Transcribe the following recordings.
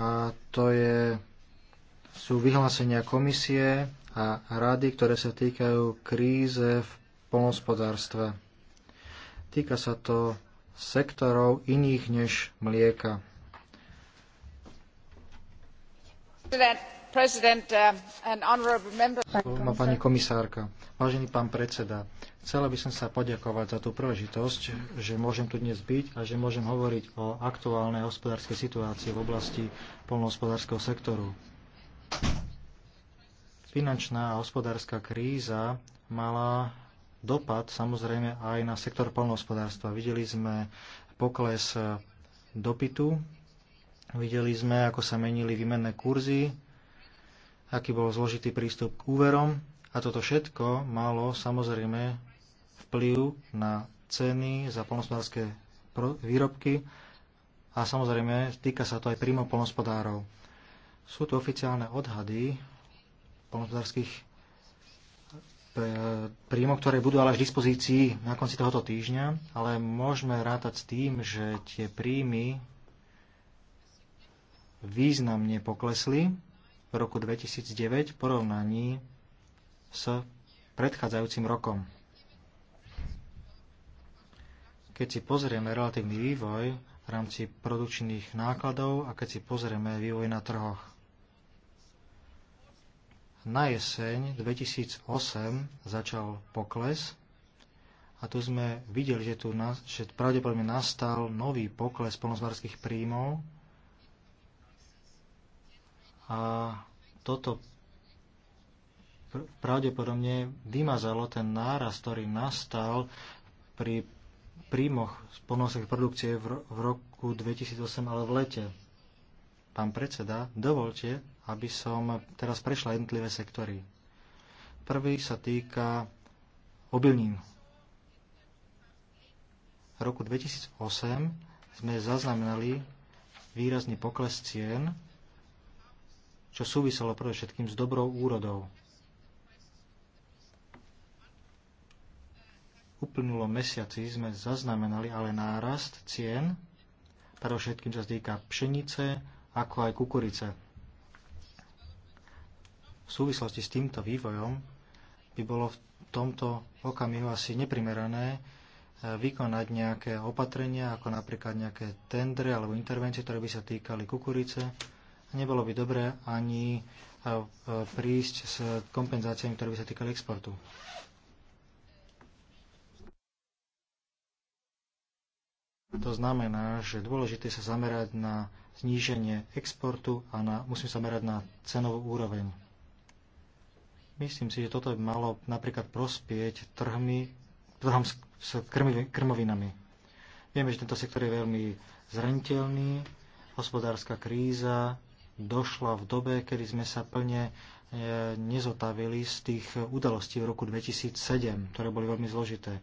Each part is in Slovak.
a to je, sú vyhlásenia komisie a rady, ktoré sa týkajú kríze v polnospodárstve. Týka sa to sektorov iných než mlieka. Uh, má pani komisárka. Vážený pán predseda, chcela by som sa poďakovať za tú príležitosť, že môžem tu dnes byť a že môžem hovoriť o aktuálnej hospodárskej situácii v oblasti polnohospodárskeho sektoru. Finančná a hospodárska kríza mala dopad samozrejme aj na sektor polnohospodárstva. Videli sme pokles dopytu, videli sme, ako sa menili výmenné kurzy, aký bol zložitý prístup k úverom a toto všetko malo samozrejme vplyv na ceny za polnospodárske výrobky a samozrejme týka sa to aj príjmov polnospodárov. Sú tu oficiálne odhady polnospodárských e, príjmov, ktoré budú ale až v dispozícii na konci tohoto týždňa, ale môžeme rátať s tým, že tie príjmy významne poklesli v roku 2009 v porovnaní s predchádzajúcim rokom. Keď si pozrieme relatívny vývoj v rámci produkčných nákladov a keď si pozrieme vývoj na trhoch. Na jeseň 2008 začal pokles a tu sme videli, že, tu na, že pravdepodobne nastal nový pokles polnospodárských príjmov a toto pravdepodobne vymazalo ten náraz, ktorý nastal pri príjmoch z polnohospodárskej produkcie v, v roku 2008, ale v lete. Pán predseda, dovolte, aby som teraz prešla jednotlivé sektory. Prvý sa týka obilnín. V roku 2008 sme zaznamenali výrazný pokles cien, čo súviselo predovšetkým s dobrou úrodou. uplynulom mesiaci sme zaznamenali ale nárast cien, všetkým sa týka pšenice, ako aj kukurice. V súvislosti s týmto vývojom by bolo v tomto okamihu asi neprimerané e, vykonať nejaké opatrenia, ako napríklad nejaké tendre alebo intervencie, ktoré by sa týkali kukurice. Nebolo by dobré ani e, e, prísť s kompenzáciami, ktoré by sa týkali exportu. To znamená, že dôležité sa zamerať na zníženie exportu a na, musím sa merať na cenovú úroveň. Myslím si, že toto by malo napríklad prospieť trhmi, trhom s, s krmovinami. Vieme, že tento sektor je veľmi zraniteľný. Hospodárska kríza došla v dobe, kedy sme sa plne e, nezotavili z tých udalostí v roku 2007, ktoré boli veľmi zložité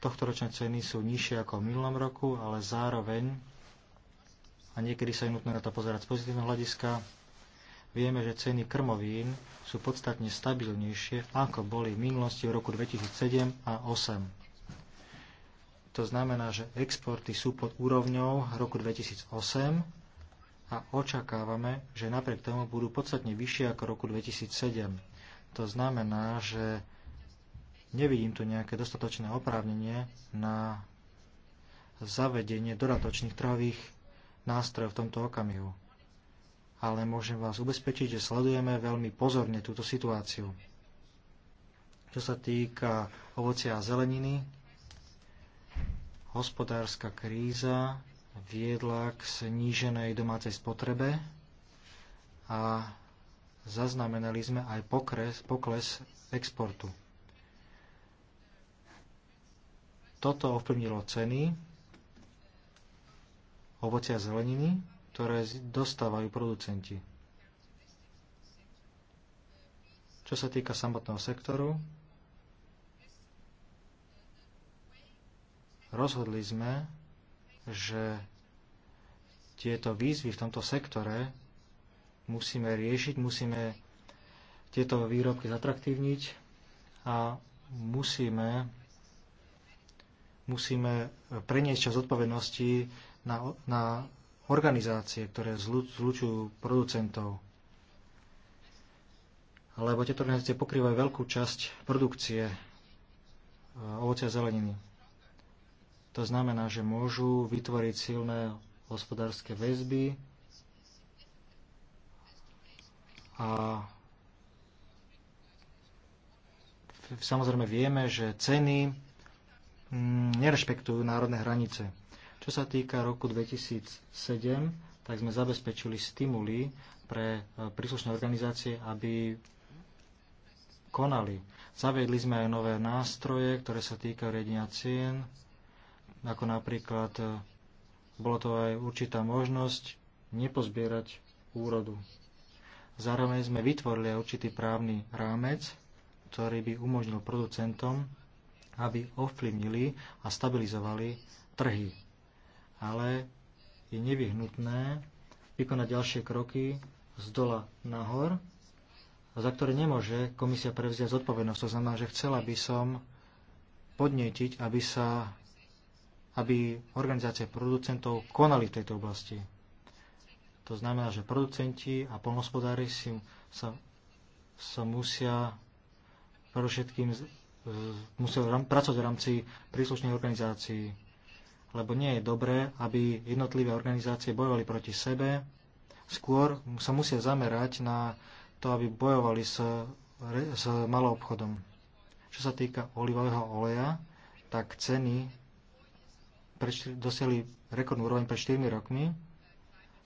tohtoročné ceny sú nižšie ako v minulom roku, ale zároveň, a niekedy sa je nutné na to pozerať z pozitívneho hľadiska, vieme, že ceny krmovín sú podstatne stabilnejšie, ako boli v minulosti v roku 2007 a 2008. To znamená, že exporty sú pod úrovňou roku 2008 a očakávame, že napriek tomu budú podstatne vyššie ako roku 2007. To znamená, že Nevidím tu nejaké dostatočné oprávnenie na zavedenie dodatočných trhových nástrojov v tomto okamihu. Ale môžem vás ubezpečiť, že sledujeme veľmi pozorne túto situáciu. Čo sa týka ovocia a zeleniny, hospodárska kríza viedla k sníženej domácej spotrebe a zaznamenali sme aj pokres, pokles exportu. Toto ovplyvnilo ceny ovocia a zeleniny, ktoré dostávajú producenti. Čo sa týka samotného sektoru, rozhodli sme, že tieto výzvy v tomto sektore musíme riešiť, musíme tieto výrobky zatraktívniť a musíme musíme e, preniesť čas odpovednosti na, na organizácie, ktoré zlučujú producentov. Lebo tieto organizácie pokrývajú veľkú časť produkcie e, ovoce a zeleniny. To znamená, že môžu vytvoriť silné hospodárske väzby a samozrejme vieme, že ceny Mm, nerešpektujú národné hranice. Čo sa týka roku 2007, tak sme zabezpečili stimuly pre e, príslušné organizácie, aby konali. Zaviedli sme aj nové nástroje, ktoré sa týkajú riadenia cien, ako napríklad e, bolo to aj určitá možnosť nepozbierať úrodu. Zároveň sme vytvorili aj určitý právny rámec, ktorý by umožnil producentom aby ovplyvnili a stabilizovali trhy. Ale je nevyhnutné vykonať ďalšie kroky z dola nahor, za ktoré nemôže komisia prevziať zodpovednosť. To znamená, že chcela by som podnetiť, aby sa aby organizácie producentov konali v tejto oblasti. To znamená, že producenti a polnospodári si, sa, sa musia predovšetkým Mm. musel pracovať v rámci príslušných organizácií. Lebo nie je dobré, aby jednotlivé organizácie bojovali proti sebe. Skôr sa musia zamerať na to, aby bojovali s, s malou obchodom. Čo sa týka olivového oleja, tak ceny dosiahli rekordnú úroveň pred 4 rokmi.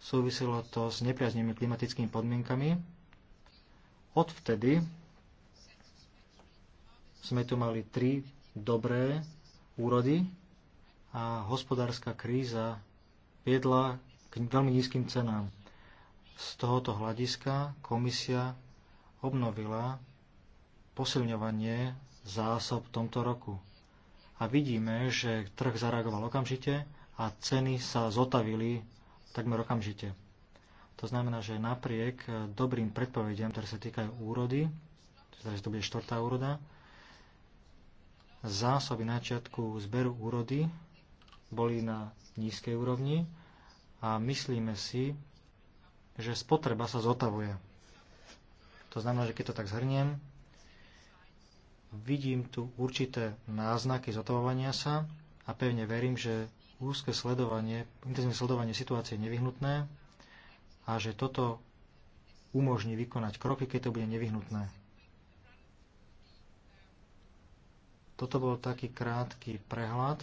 Súviselo to s nepriaznými klimatickými podmienkami. Odvtedy sme tu mali tri dobré úrody a hospodárska kríza viedla k veľmi nízkym cenám. Z tohoto hľadiska komisia obnovila posilňovanie zásob v tomto roku. A vidíme, že trh zareagoval okamžite a ceny sa zotavili takmer okamžite. To znamená, že napriek dobrým predpovediam, ktoré sa týkajú úrody, teda, že to bude štvrtá úroda, zásoby na začiatku zberu úrody boli na nízkej úrovni a myslíme si, že spotreba sa zotavuje. To znamená, že keď to tak zhrniem, vidím tu určité náznaky zotavovania sa a pevne verím, že úzke sledovanie, intenzívne sledovanie situácie je nevyhnutné a že toto umožní vykonať kroky, keď to bude nevyhnutné. Toto bol taký krátky prehľad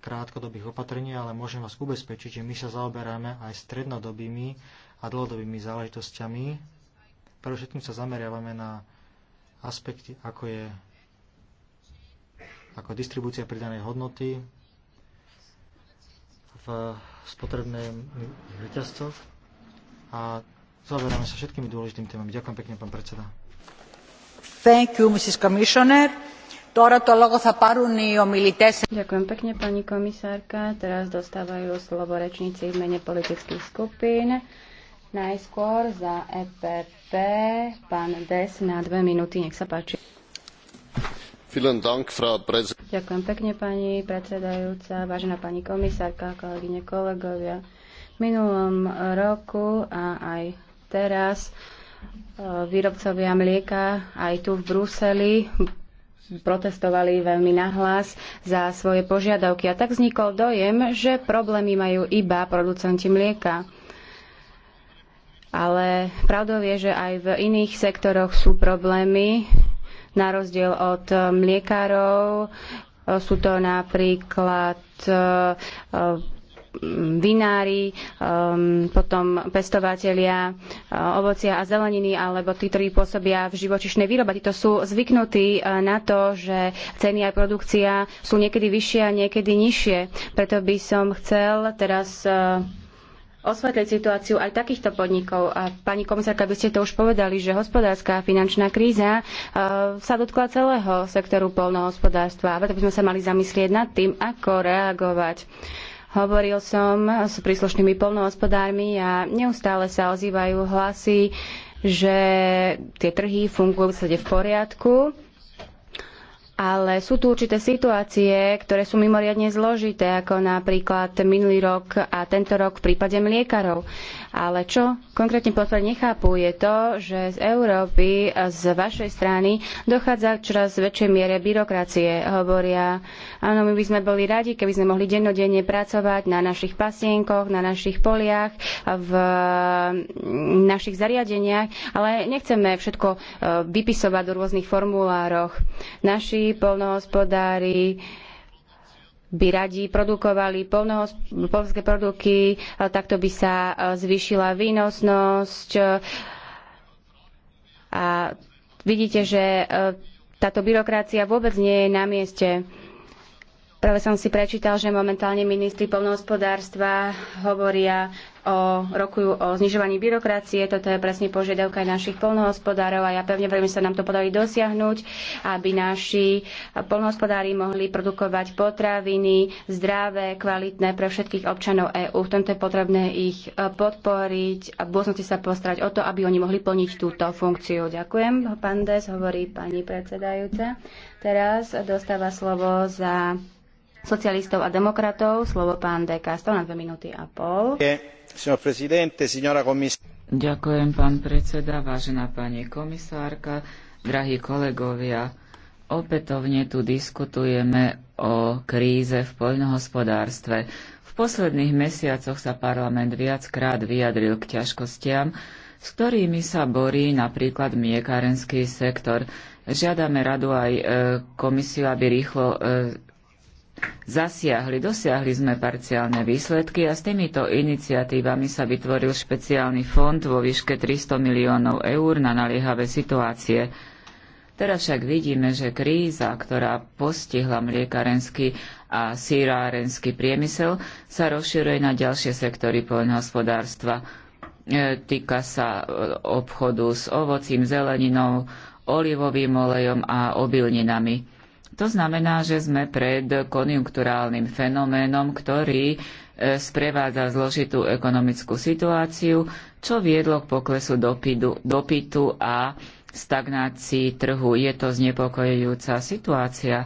krátkodobých opatrení, ale môžem vás ubezpečiť, že my sa zaoberáme aj strednodobými a dlhodobými záležitosťami. Pre všetkým sa zameriavame na aspekty, ako je ako distribúcia pridanej hodnoty v spotrebnej reťazcoch a zaoberáme sa všetkými dôležitými témami. Ďakujem pekne, pán predseda. Ďakujem pekne, pani komisárka. Teraz dostávajú slovo rečníci v mene politických skupín. Najskôr za EPP pán Des na dve minúty. Nech sa páči. Ďakujem pekne, pani predsedajúca, vážená pani komisárka, kolegyne, kolegovia. V minulom roku a aj teraz výrobcovia mlieka aj tu v Bruseli protestovali veľmi nahlas za svoje požiadavky. A tak vznikol dojem, že problémy majú iba producenti mlieka. Ale pravdou je, že aj v iných sektoroch sú problémy, na rozdiel od e, mliekárov. E, sú to napríklad e, vinári, ehm, potom pestovatelia eh, ovocia a zeleniny, alebo tí, ktorí pôsobia v živočišnej výrobe. Títo sú zvyknutí eh, na to, že ceny aj produkcia sú niekedy vyššie a niekedy nižšie. Preto by som chcel teraz eh, osvetliť situáciu aj takýchto podnikov. A pani komisárka, by ste to už povedali, že hospodárska a finančná kríza sa dotkla celého sektoru polnohospodárstva. A preto by sme sa mali zamyslieť nad tým, ako reagovať. Hovoril som s príslušnými polnohospodármi a neustále sa ozývajú hlasy, že tie trhy fungujú v v poriadku ale sú tu určité situácie, ktoré sú mimoriadne zložité, ako napríklad minulý rok a tento rok v prípade mliekarov. Ale čo konkrétne podporiť nechápu, je to, že z Európy, z vašej strany, dochádza k čoraz väčšej miere byrokracie. Hovoria, áno, my by sme boli radi, keby sme mohli dennodenne pracovať na našich pasienkoch, na našich poliach, v mm, našich zariadeniach, ale nechceme všetko e, vypisovať do rôznych formulároch. Naši Poľnohospodári polnohospodári by radi produkovali polnohospodárske produkty, takto by sa e, zvýšila výnosnosť. A vidíte, že e, táto byrokracia vôbec nie je na mieste. Práve som si prečítal, že momentálne ministri polnohospodárstva hovoria o, rokujú o znižovaní byrokracie. Toto je presne požiadavka aj našich polnohospodárov a ja pevne verím, že sa nám to podarí dosiahnuť, aby naši polnohospodári mohli produkovať potraviny zdravé, kvalitné pre všetkých občanov EÚ. V tomto je potrebné ich e, podporiť a v budúcnosti sa postarať o to, aby oni mohli plniť túto funkciu. Ďakujem, pán Des, hovorí pani predsedajúca. Teraz dostáva slovo za socialistov a demokratov. Slovo pán De Castro na dve minúty a pol. Ďakujem, pán predseda, vážená pani komisárka, drahí kolegovia. Opätovne tu diskutujeme o kríze v poľnohospodárstve. V posledných mesiacoch sa parlament viackrát vyjadril k ťažkostiam, s ktorými sa borí napríklad mliekárenský sektor. Žiadame radu aj e, komisiu, aby rýchlo e, zasiahli. Dosiahli sme parciálne výsledky a s týmito iniciatívami sa vytvoril špeciálny fond vo výške 300 miliónov eur na naliehavé situácie. Teraz však vidíme, že kríza, ktorá postihla mliekarenský a sírárenský priemysel, sa rozširuje na ďalšie sektory poľnohospodárstva. E, týka sa e, obchodu s ovocím, zeleninou, olivovým olejom a obilninami to znamená, že sme pred konjunkturálnym fenoménom, ktorý e, sprevádza zložitú ekonomickú situáciu, čo viedlo k poklesu dopidu, dopytu a stagnácii trhu. Je to znepokojujúca situácia,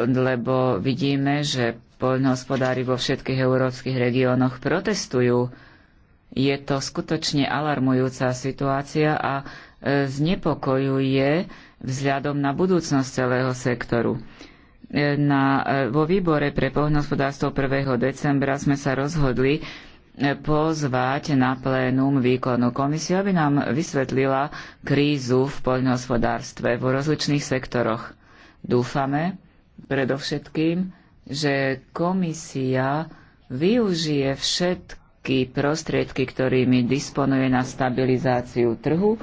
lebo vidíme, že poľnohospodári vo všetkých európskych regiónoch protestujú. Je to skutočne alarmujúca situácia a e, znepokojuje vzhľadom na budúcnosť celého sektoru. E, na, e, vo výbore pre poľnohospodárstvo 1. decembra sme sa rozhodli e, pozvať na plénum výkonu. komisiu, aby nám vysvetlila krízu v poľnohospodárstve vo rozličných sektoroch. Dúfame predovšetkým, že komisia využije všetky prostriedky, ktorými disponuje na stabilizáciu trhu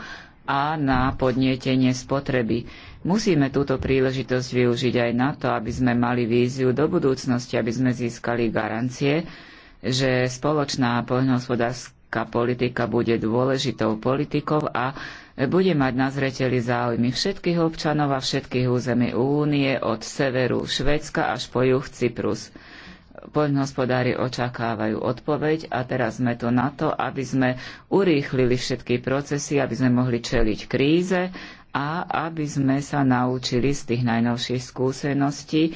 a na podnietenie spotreby. Musíme túto príležitosť využiť aj na to, aby sme mali víziu do budúcnosti, aby sme získali garancie, že spoločná poľnohospodárska politika bude dôležitou politikou a bude mať na zreteli záujmy všetkých občanov a všetkých území únie od severu Švedska až po juh Cyprus poľnohospodári očakávajú odpoveď a teraz sme tu na to, aby sme urýchlili všetky procesy, aby sme mohli čeliť kríze a aby sme sa naučili z tých najnovších skúseností,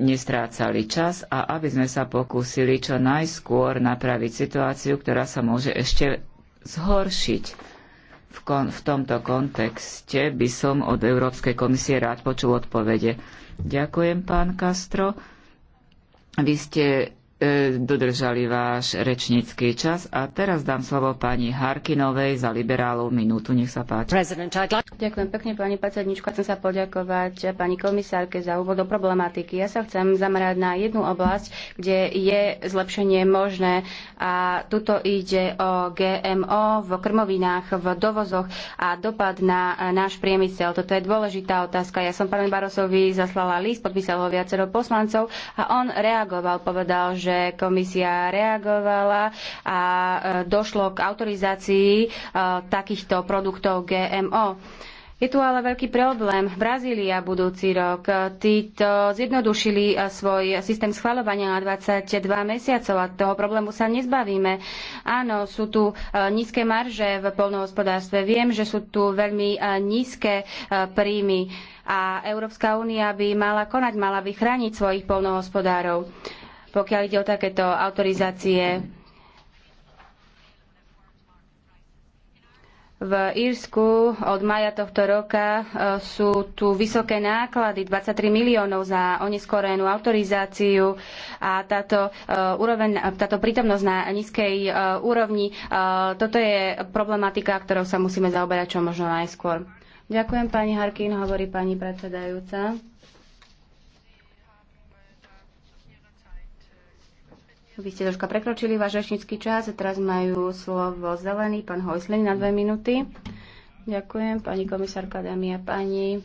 nestrácali čas a aby sme sa pokúsili čo najskôr napraviť situáciu, ktorá sa môže ešte zhoršiť. V, kon- v tomto kontexte by som od Európskej komisie rád počul odpovede. Ďakujem, pán Castro. Vy ste E, dodržali váš rečnícky čas. A teraz dám slovo pani Harkinovej za liberálov minútu. Nech sa páči. Ďakujem pekne, pani predsednička. Chcem sa poďakovať e, pani komisárke za úvod do problematiky. Ja sa chcem zamerať na jednu oblasť, kde je zlepšenie možné. A tuto ide o GMO v krmovinách, v dovozoch a dopad na náš priemysel. Toto je dôležitá otázka. Ja som pánovi Barosovi zaslala list, podpísal ho viacero poslancov a on reagoval, povedal, že že komisia reagovala a e, došlo k autorizácii e, takýchto produktov GMO. Je tu ale veľký problém. Brazília budúci rok. Títo zjednodušili e, svoj systém schvaľovania na 22 mesiacov a toho problému sa nezbavíme. Áno, sú tu nízke marže v polnohospodárstve. Viem, že sú tu veľmi nízke príjmy a Európska únia by mala konať, mala by chrániť svojich polnohospodárov pokiaľ ide o takéto autorizácie. V Írsku od maja tohto roka e, sú tu vysoké náklady, 23 miliónov za oneskorenú autorizáciu a táto, e, úroveň, táto prítomnosť na nízkej e, úrovni, toto je problematika, ktorou sa musíme zaoberať čo možno najskôr. Ďakujem pani Harkin, hovorí pani predsedajúca. Vy ste troška prekročili váš rečnícky čas a teraz majú slovo zelený, pán Hojslin na dve minúty. Ďakujem, pani komisárka, dámy a páni.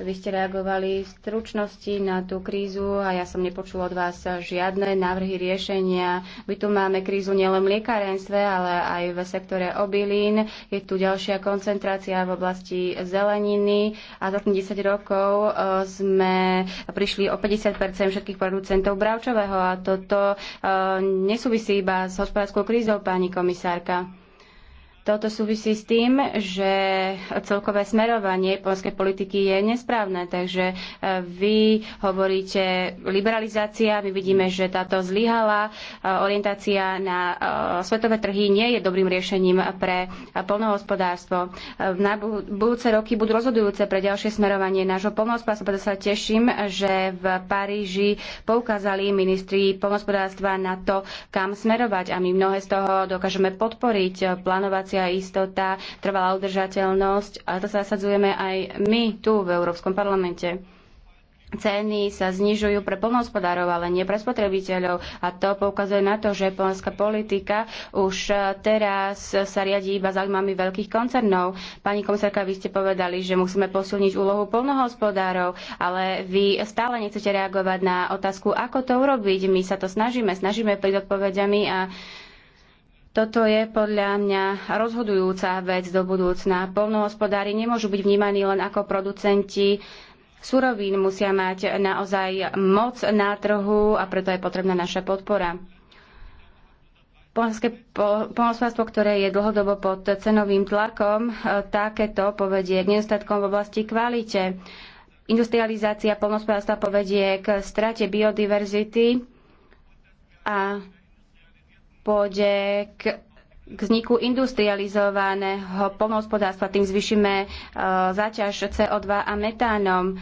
Vy ste reagovali v stručnosti na tú krízu a ja som nepočul od vás žiadne návrhy riešenia. My tu máme krízu nielen v liekárenstve, ale aj v sektore obilín. Je tu ďalšia koncentrácia v oblasti zeleniny a za 10 rokov e, sme prišli o 50 všetkých producentov bravčového a toto e, nesúvisí iba s hospodárskou krízou, pani komisárka. Toto súvisí s tým, že celkové smerovanie polskej politiky je nesprávne, takže e, vy hovoríte liberalizácia, my vidíme, že táto zlyhala e, orientácia na e, svetové trhy nie je dobrým riešením pre polnohospodárstvo. Na budúce roky budú rozhodujúce pre ďalšie smerovanie nášho polnohospodárstva, preto sa teším, že v Paríži poukázali ministri polnohospodárstva na to, kam smerovať a my mnohé z toho dokážeme podporiť plánovať demokracia, istota, trvalá udržateľnosť a to sa zasadzujeme aj my tu v Európskom parlamente. Ceny sa znižujú pre plnohospodárov, ale nie pre spotrebiteľov. A to poukazuje na to, že polská politika už teraz sa riadi iba zaujímami veľkých koncernov. Pani komisárka, vy ste povedali, že musíme posilniť úlohu plnohospodárov, ale vy stále nechcete reagovať na otázku, ako to urobiť. My sa to snažíme, snažíme pri odpovediami a toto je podľa mňa rozhodujúca vec do budúcna. Polnohospodári nemôžu byť vnímaní len ako producenti surovín, musia mať naozaj moc na trhu a preto je potrebná naša podpora. Polské polnohospodárstvo, ktoré je dlhodobo pod cenovým tlakom, e, takéto povedie k nedostatkom v oblasti kvalite. Industrializácia polnohospodárstva povedie k strate biodiverzity a pôjde k k vzniku industrializovaného polnohospodárstva, tým zvyšíme e, záťaž CO2 a metánom.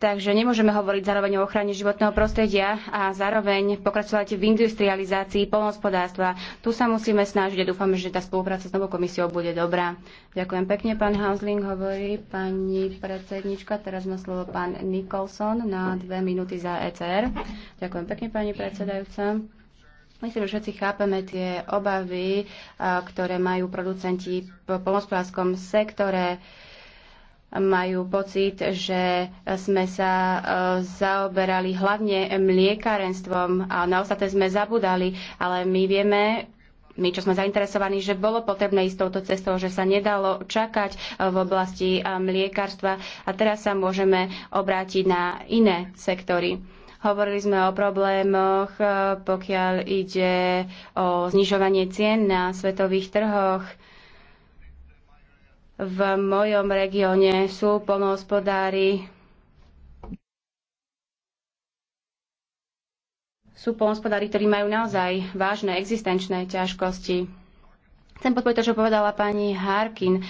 Takže nemôžeme hovoriť zároveň o ochrane životného prostredia a zároveň pokračovať v industrializácii polnohospodárstva. Tu sa musíme snažiť a dúfame, že tá spolupráca s novou komisiou bude dobrá. Ďakujem pekne, pán Hausling, hovorí pani predsednička. Teraz má slovo pán Nicholson na dve minúty za ECR. Ďakujem pekne, pani predsedajúca. Myslím, že všetci chápeme tie obavy, ktoré majú producenti v polnospodárskom sektore. Majú pocit, že sme sa e, zaoberali hlavne mliekarenstvom a na ostatné sme zabudali, ale my vieme, my, čo sme zainteresovaní, že bolo potrebné ísť touto cestou, že sa nedalo čakať e, v oblasti e, mliekarstva a teraz sa môžeme obrátiť na iné sektory. Hovorili sme o problémoch, e, pokiaľ ide o znižovanie cien na svetových trhoch. V mojom regióne sú polnohospodári sú polnospodári, ktorí majú naozaj vážne existenčné ťažkosti. Chcem podporiť to, čo povedala pani Harkin.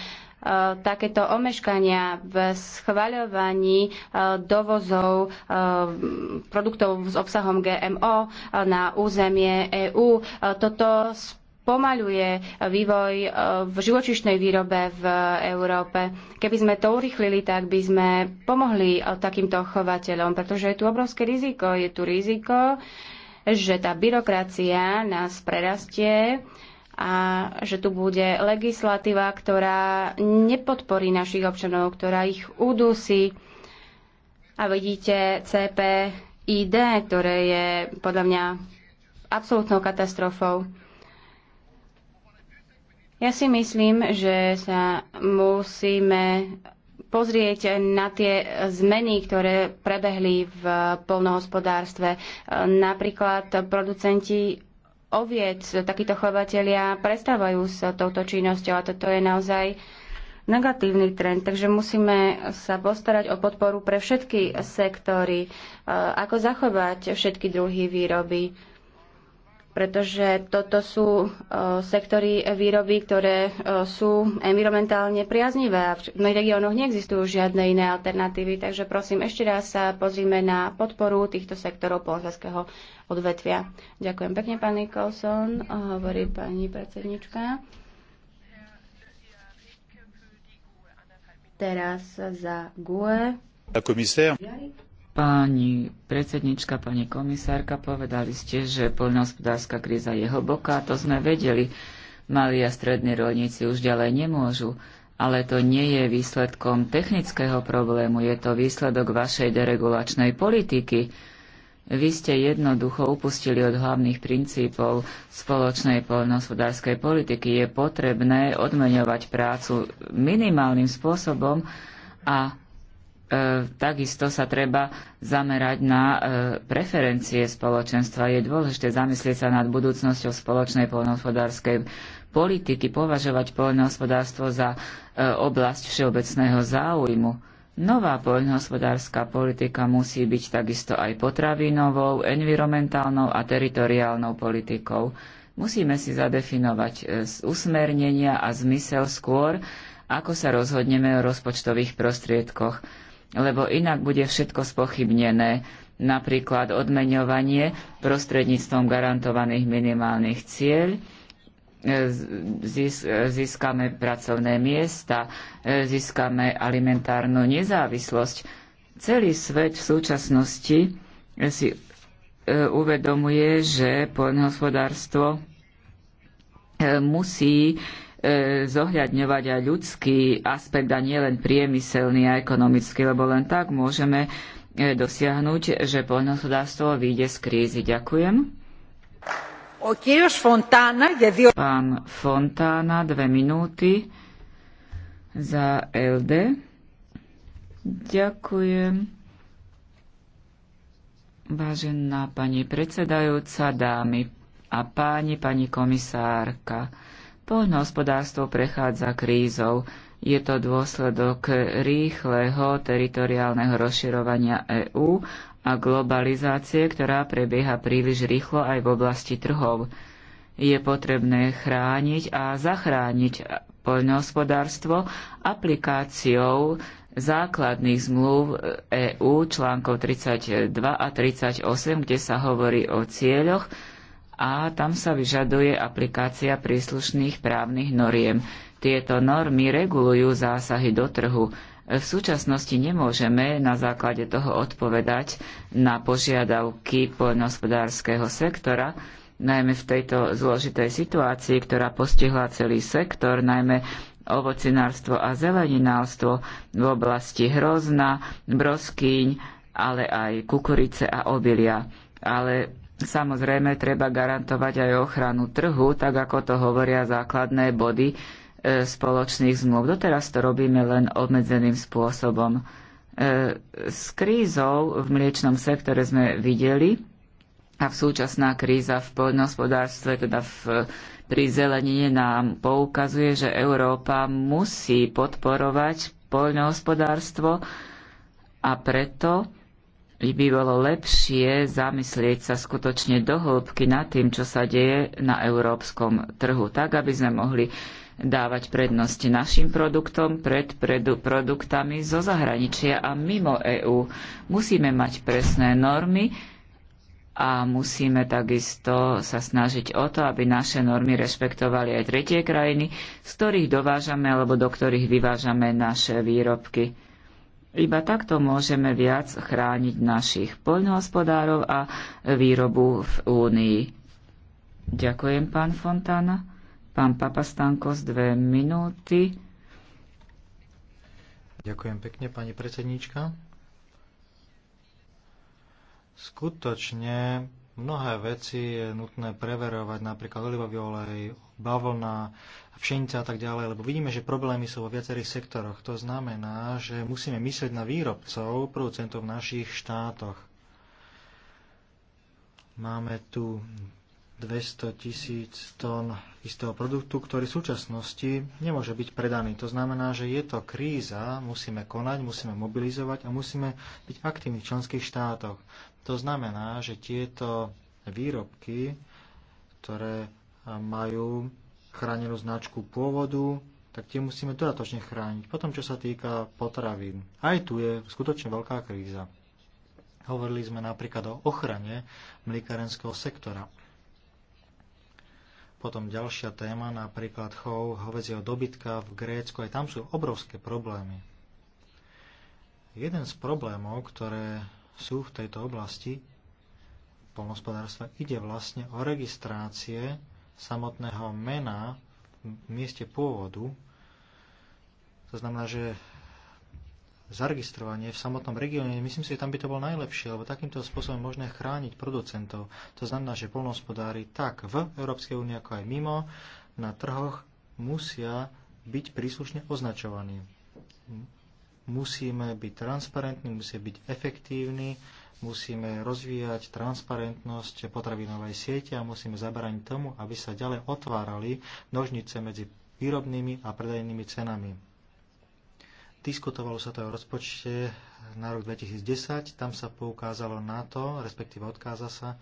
Eh, takéto omeškania v schvaľovaní eh, dovozov eh, produktov s obsahom GMO na územie EÚ. Toto pomaluje vývoj v živočišnej výrobe v Európe. Keby sme to urychlili, tak by sme pomohli takýmto chovateľom, pretože je tu obrovské riziko. Je tu riziko, že tá byrokracia nás prerastie a že tu bude legislatíva, ktorá nepodporí našich občanov, ktorá ich udusí. A vidíte CPID, ktoré je podľa mňa absolútnou katastrofou. Ja si myslím, že sa musíme pozrieť na tie zmeny, ktoré prebehli v polnohospodárstve. Napríklad producenti oviec takíto chovatelia prestávajú s touto činnosťou a toto je naozaj negatívny trend, takže musíme sa postarať o podporu pre všetky sektory, ako zachovať všetky druhy výroby pretože toto sú e, sektory výroby, ktoré e, sú environmentálne priaznivé a v mnohých regiónoch neexistujú žiadne iné alternatívy. Takže prosím, ešte raz sa pozrime na podporu týchto sektorov polozerského odvetvia. Ďakujem pekne, pán Nicholson, e, hovorí pani predsednička. Teraz za GUE. Komisér. Pani predsednička, pani komisárka, povedali ste, že poľnohospodárska kríza je hlboká, to sme vedeli. Mali a strední rolníci už ďalej nemôžu, ale to nie je výsledkom technického problému, je to výsledok vašej deregulačnej politiky. Vy ste jednoducho upustili od hlavných princípov spoločnej poľnohospodárskej politiky. Je potrebné odmeňovať prácu minimálnym spôsobom a E, takisto sa treba zamerať na e, preferencie spoločenstva. Je dôležité zamyslieť sa nad budúcnosťou spoločnej poľnohospodárskej politiky, považovať poľnohospodárstvo za e, oblasť všeobecného záujmu. Nová poľnohospodárska politika musí byť takisto aj potravinovou, environmentálnou a teritoriálnou politikou. Musíme si zadefinovať usmernenia a zmysel skôr, ako sa rozhodneme o rozpočtových prostriedkoch lebo inak bude všetko spochybnené, napríklad odmeňovanie prostredníctvom garantovaných minimálnych cieľ, e, e, získame pracovné miesta, e, získame alimentárnu nezávislosť. Celý svet v súčasnosti si uvedomuje, že poľnohospodárstvo musí E, zohľadňovať aj ľudský aspekt a nielen priemyselný a ekonomický, lebo len tak môžeme e, dosiahnuť, že poľnohospodárstvo vyjde z krízy. Ďakujem. Pán Fontána, dve minúty za LD. Ďakujem. Vážená pani predsedajúca, dámy a páni, pani komisárka. Poľnohospodárstvo prechádza krízou. Je to dôsledok rýchleho teritoriálneho rozširovania EÚ a globalizácie, ktorá prebieha príliš rýchlo aj v oblasti trhov. Je potrebné chrániť a zachrániť poľnohospodárstvo aplikáciou základných zmluv EÚ článkov 32 a 38, kde sa hovorí o cieľoch, a tam sa vyžaduje aplikácia príslušných právnych noriem. Tieto normy regulujú zásahy do trhu. V súčasnosti nemôžeme na základe toho odpovedať na požiadavky poľnohospodárskeho sektora, najmä v tejto zložitej situácii, ktorá postihla celý sektor, najmä ovocinárstvo a zeleninárstvo v oblasti hrozna, broskýň, ale aj kukurice a obilia. Ale Samozrejme, treba garantovať aj ochranu trhu, tak ako to hovoria základné body e, spoločných zmluv. Doteraz to robíme len obmedzeným spôsobom. E, s krízou v mliečnom sektore sme videli a v súčasná kríza v poľnohospodárstve, teda v, pri zelenine nám poukazuje, že Európa musí podporovať poľnohospodárstvo a preto by bolo lepšie zamyslieť sa skutočne do hĺbky nad tým, čo sa deje na európskom trhu, tak aby sme mohli dávať prednosť našim produktom pred predu, produktami zo zahraničia a mimo EÚ. Musíme mať presné normy a musíme takisto sa snažiť o to, aby naše normy rešpektovali aj tretie krajiny, z ktorých dovážame alebo do ktorých vyvážame naše výrobky. Iba takto môžeme viac chrániť našich poľnohospodárov a výrobu v Únii. Ďakujem, pán Fontana. Pán Papastanko z dve minúty. Ďakujem pekne, pani predsedníčka. Skutočne mnohé veci je nutné preverovať, napríklad olivový olej, bavlna, pšenica a tak ďalej, lebo vidíme, že problémy sú vo viacerých sektoroch. To znamená, že musíme myslieť na výrobcov, producentov v našich štátoch. Máme tu 200 tisíc tón istého produktu, ktorý v súčasnosti nemôže byť predaný. To znamená, že je to kríza, musíme konať, musíme mobilizovať a musíme byť aktívni v členských štátoch. To znamená, že tieto výrobky, ktoré majú chránenú značku pôvodu, tak tie musíme dodatočne chrániť. Potom, čo sa týka potravín, aj tu je skutočne veľká kríza. Hovorili sme napríklad o ochrane mlikarenského sektora. Potom ďalšia téma, napríklad chov hovedzieho dobytka v Grécku, aj tam sú obrovské problémy. Jeden z problémov, ktoré sú v tejto oblasti polnospodárstva, ide vlastne o registrácie samotného mena v mieste pôvodu. To znamená, že zaregistrovanie v samotnom regióne, myslím si, že tam by to bolo najlepšie, lebo takýmto spôsobom možné chrániť producentov. To znamená, že polnohospodári tak v Európskej únii, ako aj mimo, na trhoch musia byť príslušne označovaní. Musíme byť transparentní, musíme byť efektívni, musíme rozvíjať transparentnosť potravinovej siete a musíme zabrániť tomu, aby sa ďalej otvárali nožnice medzi výrobnými a predajnými cenami. Diskutovalo sa to o rozpočte na rok 2010, tam sa poukázalo na to, respektíve odkáza sa,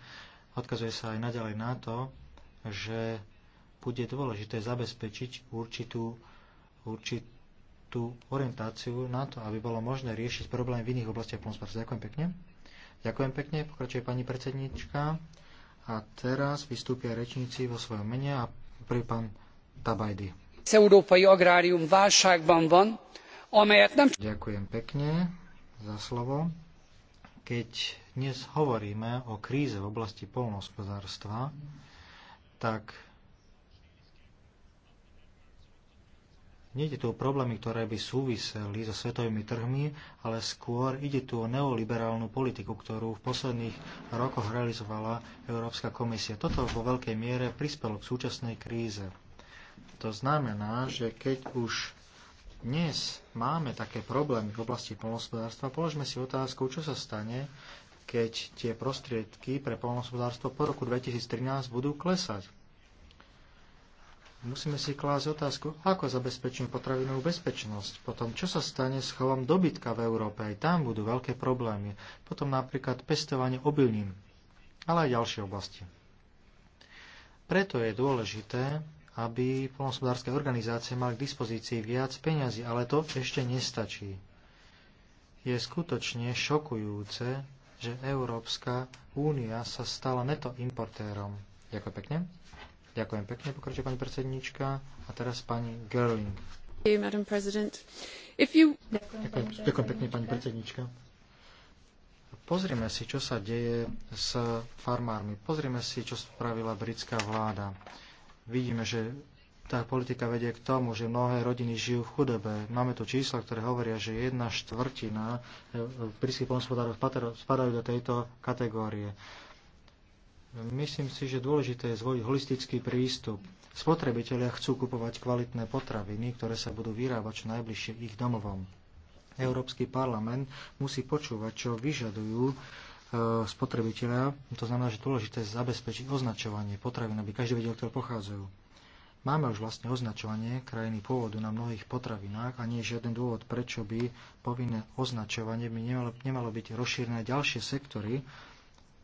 odkazuje sa aj naďalej na to, že bude dôležité zabezpečiť určitú, určitú orientáciu na to, aby bolo možné riešiť problém v iných oblastiach plnospodárstva. Ďakujem pekne. Ďakujem pekne, pokračuje pani predsednička. A teraz vystúpia rečníci vo svojom mene a prvý pán Tabajdy. Európai agrárium válságban van, amelyet nem... Ďakujem pekne za slovo. Keď dnes hovoríme o kríze v oblasti polnohospodárstva, tak Nejde tu o problémy, ktoré by súviseli so svetovými trhmi, ale skôr ide tu o neoliberálnu politiku, ktorú v posledných rokoch realizovala Európska komisia. Toto vo veľkej miere prispelo k súčasnej kríze. To znamená, že keď už dnes máme také problémy v oblasti polnospodárstva, položme si otázku, čo sa stane, keď tie prostriedky pre polnospodárstvo po roku 2013 budú klesať. Musíme si klásť otázku, ako zabezpečím potravinovú bezpečnosť. Potom, čo sa stane s chovom dobytka v Európe? Aj tam budú veľké problémy. Potom napríklad pestovanie obilním, ale aj ďalšie oblasti. Preto je dôležité, aby polnospodárske organizácie mali k dispozícii viac peňazí, ale to ešte nestačí. Je skutočne šokujúce, že Európska únia sa stala neto importérom. Ďakujem pekne. Ďakujem pekne, pokračuje pani predsednička. A teraz pani Gerling. You... Ďakujem, ďakujem pekne, pani predsednička. Pozrieme si, čo sa deje s farmármi. Pozrime si, čo spravila britská vláda. Vidíme, že tá politika vedie k tomu, že mnohé rodiny žijú v chudobe. Máme tu čísla, ktoré hovoria, že jedna štvrtina e, e, britských pomospodárov spadajú do tejto kategórie. Myslím si, že dôležité je zvoliť holistický prístup. Spotrebitelia chcú kupovať kvalitné potraviny, ktoré sa budú vyrábať čo najbližšie ich domovom. Európsky parlament musí počúvať, čo vyžadujú e, spotrebiteľa. To znamená, že dôležité je zabezpečiť označovanie potravín, aby každý vedel, ktoré pochádzajú. Máme už vlastne označovanie krajiny pôvodu na mnohých potravinách a nie je žiaden dôvod, prečo by povinné označovanie by nemalo, nemalo byť rozšírené ďalšie sektory,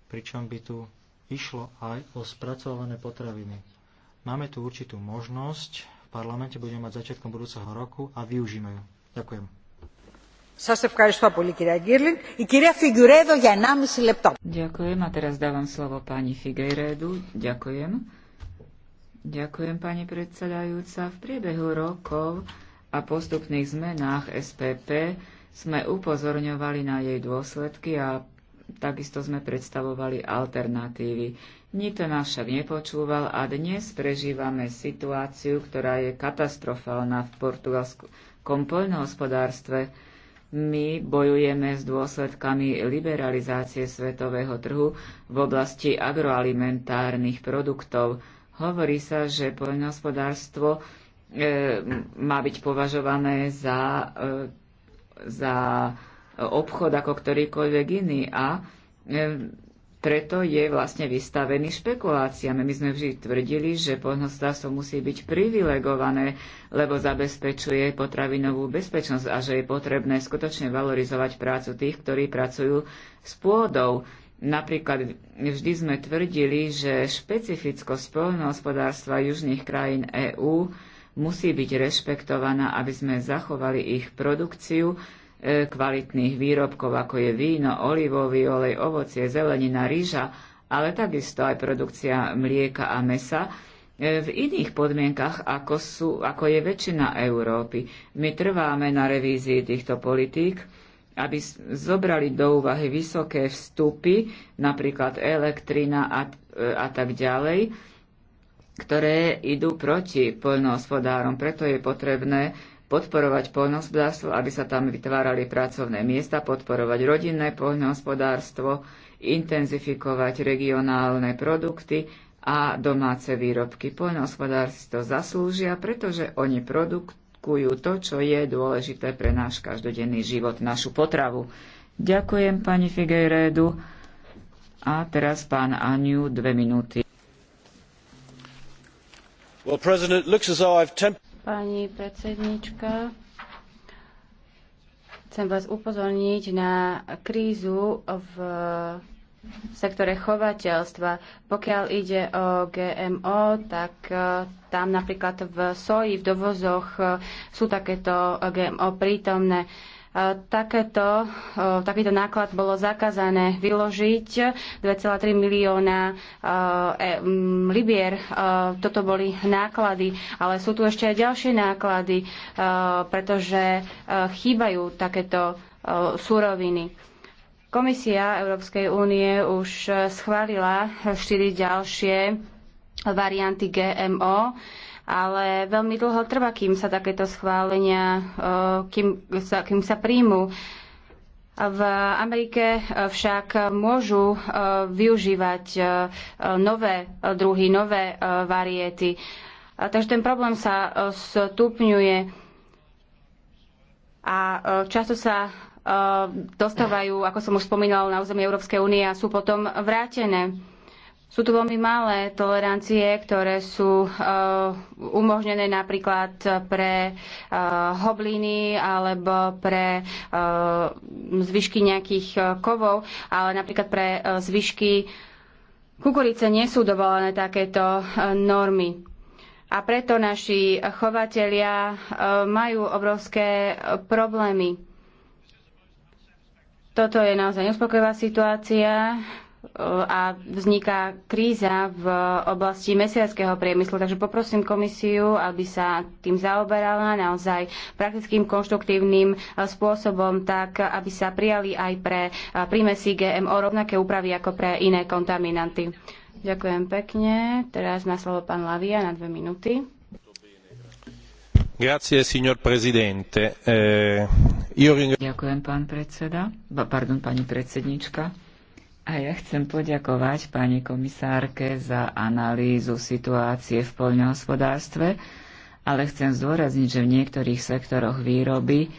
pričom by tu išlo aj o spracované potraviny. Máme tu určitú možnosť, v parlamente budeme mať začiatkom budúceho roku a využíme ju. Ďakujem. Ďakujem a teraz dávam slovo pani Figueiredu. Ďakujem. Ďakujem, pani predsedajúca. V priebehu rokov a postupných zmenách SPP sme upozorňovali na jej dôsledky a Takisto sme predstavovali alternatívy. Nikto nás však nepočúval a dnes prežívame situáciu, ktorá je katastrofálna v portugalskom poľnohospodárstve. My bojujeme s dôsledkami liberalizácie svetového trhu v oblasti agroalimentárnych produktov. Hovorí sa, že poľnohospodárstvo e, má byť považované za, e, za obchod ako ktorýkoľvek iný a preto je vlastne vystavený špekuláciám. My sme vždy tvrdili, že poľnohospodárstvo musí byť privilegované, lebo zabezpečuje potravinovú bezpečnosť a že je potrebné skutočne valorizovať prácu tých, ktorí pracujú s pôdou. Napríklad vždy sme tvrdili, že špecifickosť poľnohospodárstva južných krajín EÚ musí byť rešpektovaná, aby sme zachovali ich produkciu, E, kvalitných výrobkov, ako je víno, olivový olej, ovocie, zelenina, rýža, ale takisto aj produkcia mlieka a mesa e, v iných podmienkach, ako, sú, ako je väčšina Európy. My trváme na revízii týchto politík, aby zobrali do úvahy vysoké vstupy, napríklad elektrina a, e, a tak ďalej, ktoré idú proti poľnohospodárom. Preto je potrebné podporovať poľnohospodárstvo, aby sa tam vytvárali pracovné miesta, podporovať rodinné poľnohospodárstvo, intenzifikovať regionálne produkty a domáce výrobky. Poľnohospodárstvo to zaslúžia, pretože oni produkujú to, čo je dôležité pre náš každodenný život, našu potravu. Ďakujem pani Figueiredu. A teraz pán Aniu, dve minúty. Well, pani predsednička. Chcem vás upozorniť na krízu v sektore chovateľstva. Pokiaľ ide o GMO, tak e, tam napríklad v soji, v dovozoch e, sú takéto GMO prítomné. Takéto, e, takýto náklad bolo zakázané vyložiť 2,3 milióna e, e, libier. Toto boli náklady, ale sú tu ešte aj ďalšie náklady, pretože chýbajú takéto súroviny. Komisia Európskej únie už schválila štyri ďalšie varianty GMO ale veľmi dlho trvá, kým sa takéto schválenia, e, kým sa, kým sa príjmu. V Amerike e, však môžu e, využívať nové druhy, nové variety. Takže ten problém sa stupňuje a často sa dostávajú, ako som už spomínala, na územie Európskej únie a sú potom vrátené. Sú tu veľmi malé tolerancie, ktoré sú uh, umožnené napríklad pre uh, hobliny alebo pre uh, zvyšky nejakých uh, kovov, ale napríklad pre uh, zvyšky kukurice nie sú dovolené takéto uh, normy. A preto naši chovatelia uh, majú obrovské uh, problémy. Toto je naozaj neuspokojivá situácia a vzniká kríza v oblasti mesiackého priemyslu. Takže poprosím komisiu, aby sa tým zaoberala naozaj praktickým, konštruktívnym e, spôsobom, tak aby sa prijali aj pre e, prímesy GMO rovnaké úpravy ako pre iné kontaminanty. Ďakujem pekne. Teraz má slovo pán Lavia na dve minúty. Grazie, signor presidente. Eh, io... Ďakujem, pán predseda. Pardon, pani predsednička. A ja chcem poďakovať pani komisárke za analýzu situácie v poľnohospodárstve, ale chcem zdôrazniť, že v niektorých sektoroch výroby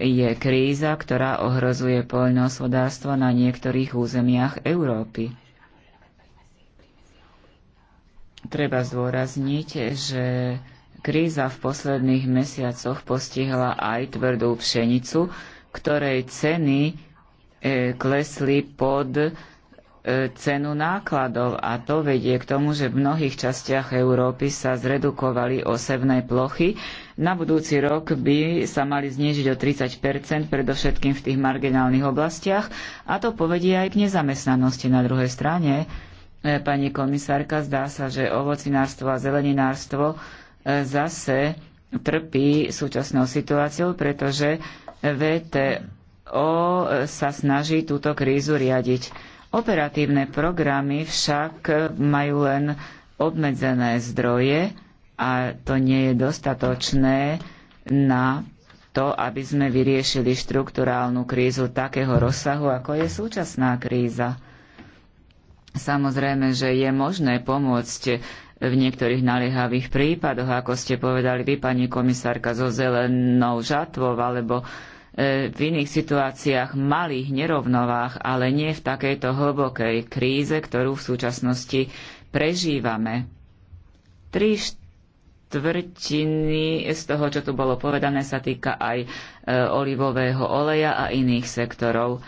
je kríza, ktorá ohrozuje poľnohospodárstvo na niektorých územiach Európy. Treba zdôrazniť, že kríza v posledných mesiacoch postihla aj tvrdú pšenicu, ktorej ceny E, klesli pod e, cenu nákladov a to vedie k tomu, že v mnohých častiach Európy sa zredukovali osevné plochy. Na budúci rok by sa mali znižiť o 30 predovšetkým v tých marginálnych oblastiach a to povedie aj k nezamestnanosti na druhej strane. E, pani komisárka, zdá sa, že ovocinárstvo a zeleninárstvo zase trpí súčasnou situáciou, pretože VTO o sa snaží túto krízu riadiť. Operatívne programy však majú len obmedzené zdroje a to nie je dostatočné na to, aby sme vyriešili štruktúrálnu krízu takého rozsahu, ako je súčasná kríza. Samozrejme, že je možné pomôcť v niektorých naliehavých prípadoch, ako ste povedali vy, pani komisárka, so zelenou žatvou alebo E, v iných situáciách malých nerovnovách, ale nie v takejto hlbokej kríze, ktorú v súčasnosti prežívame. Tri štvrtiny z toho, čo tu bolo povedané, sa týka aj e, olivového oleja a iných sektorov.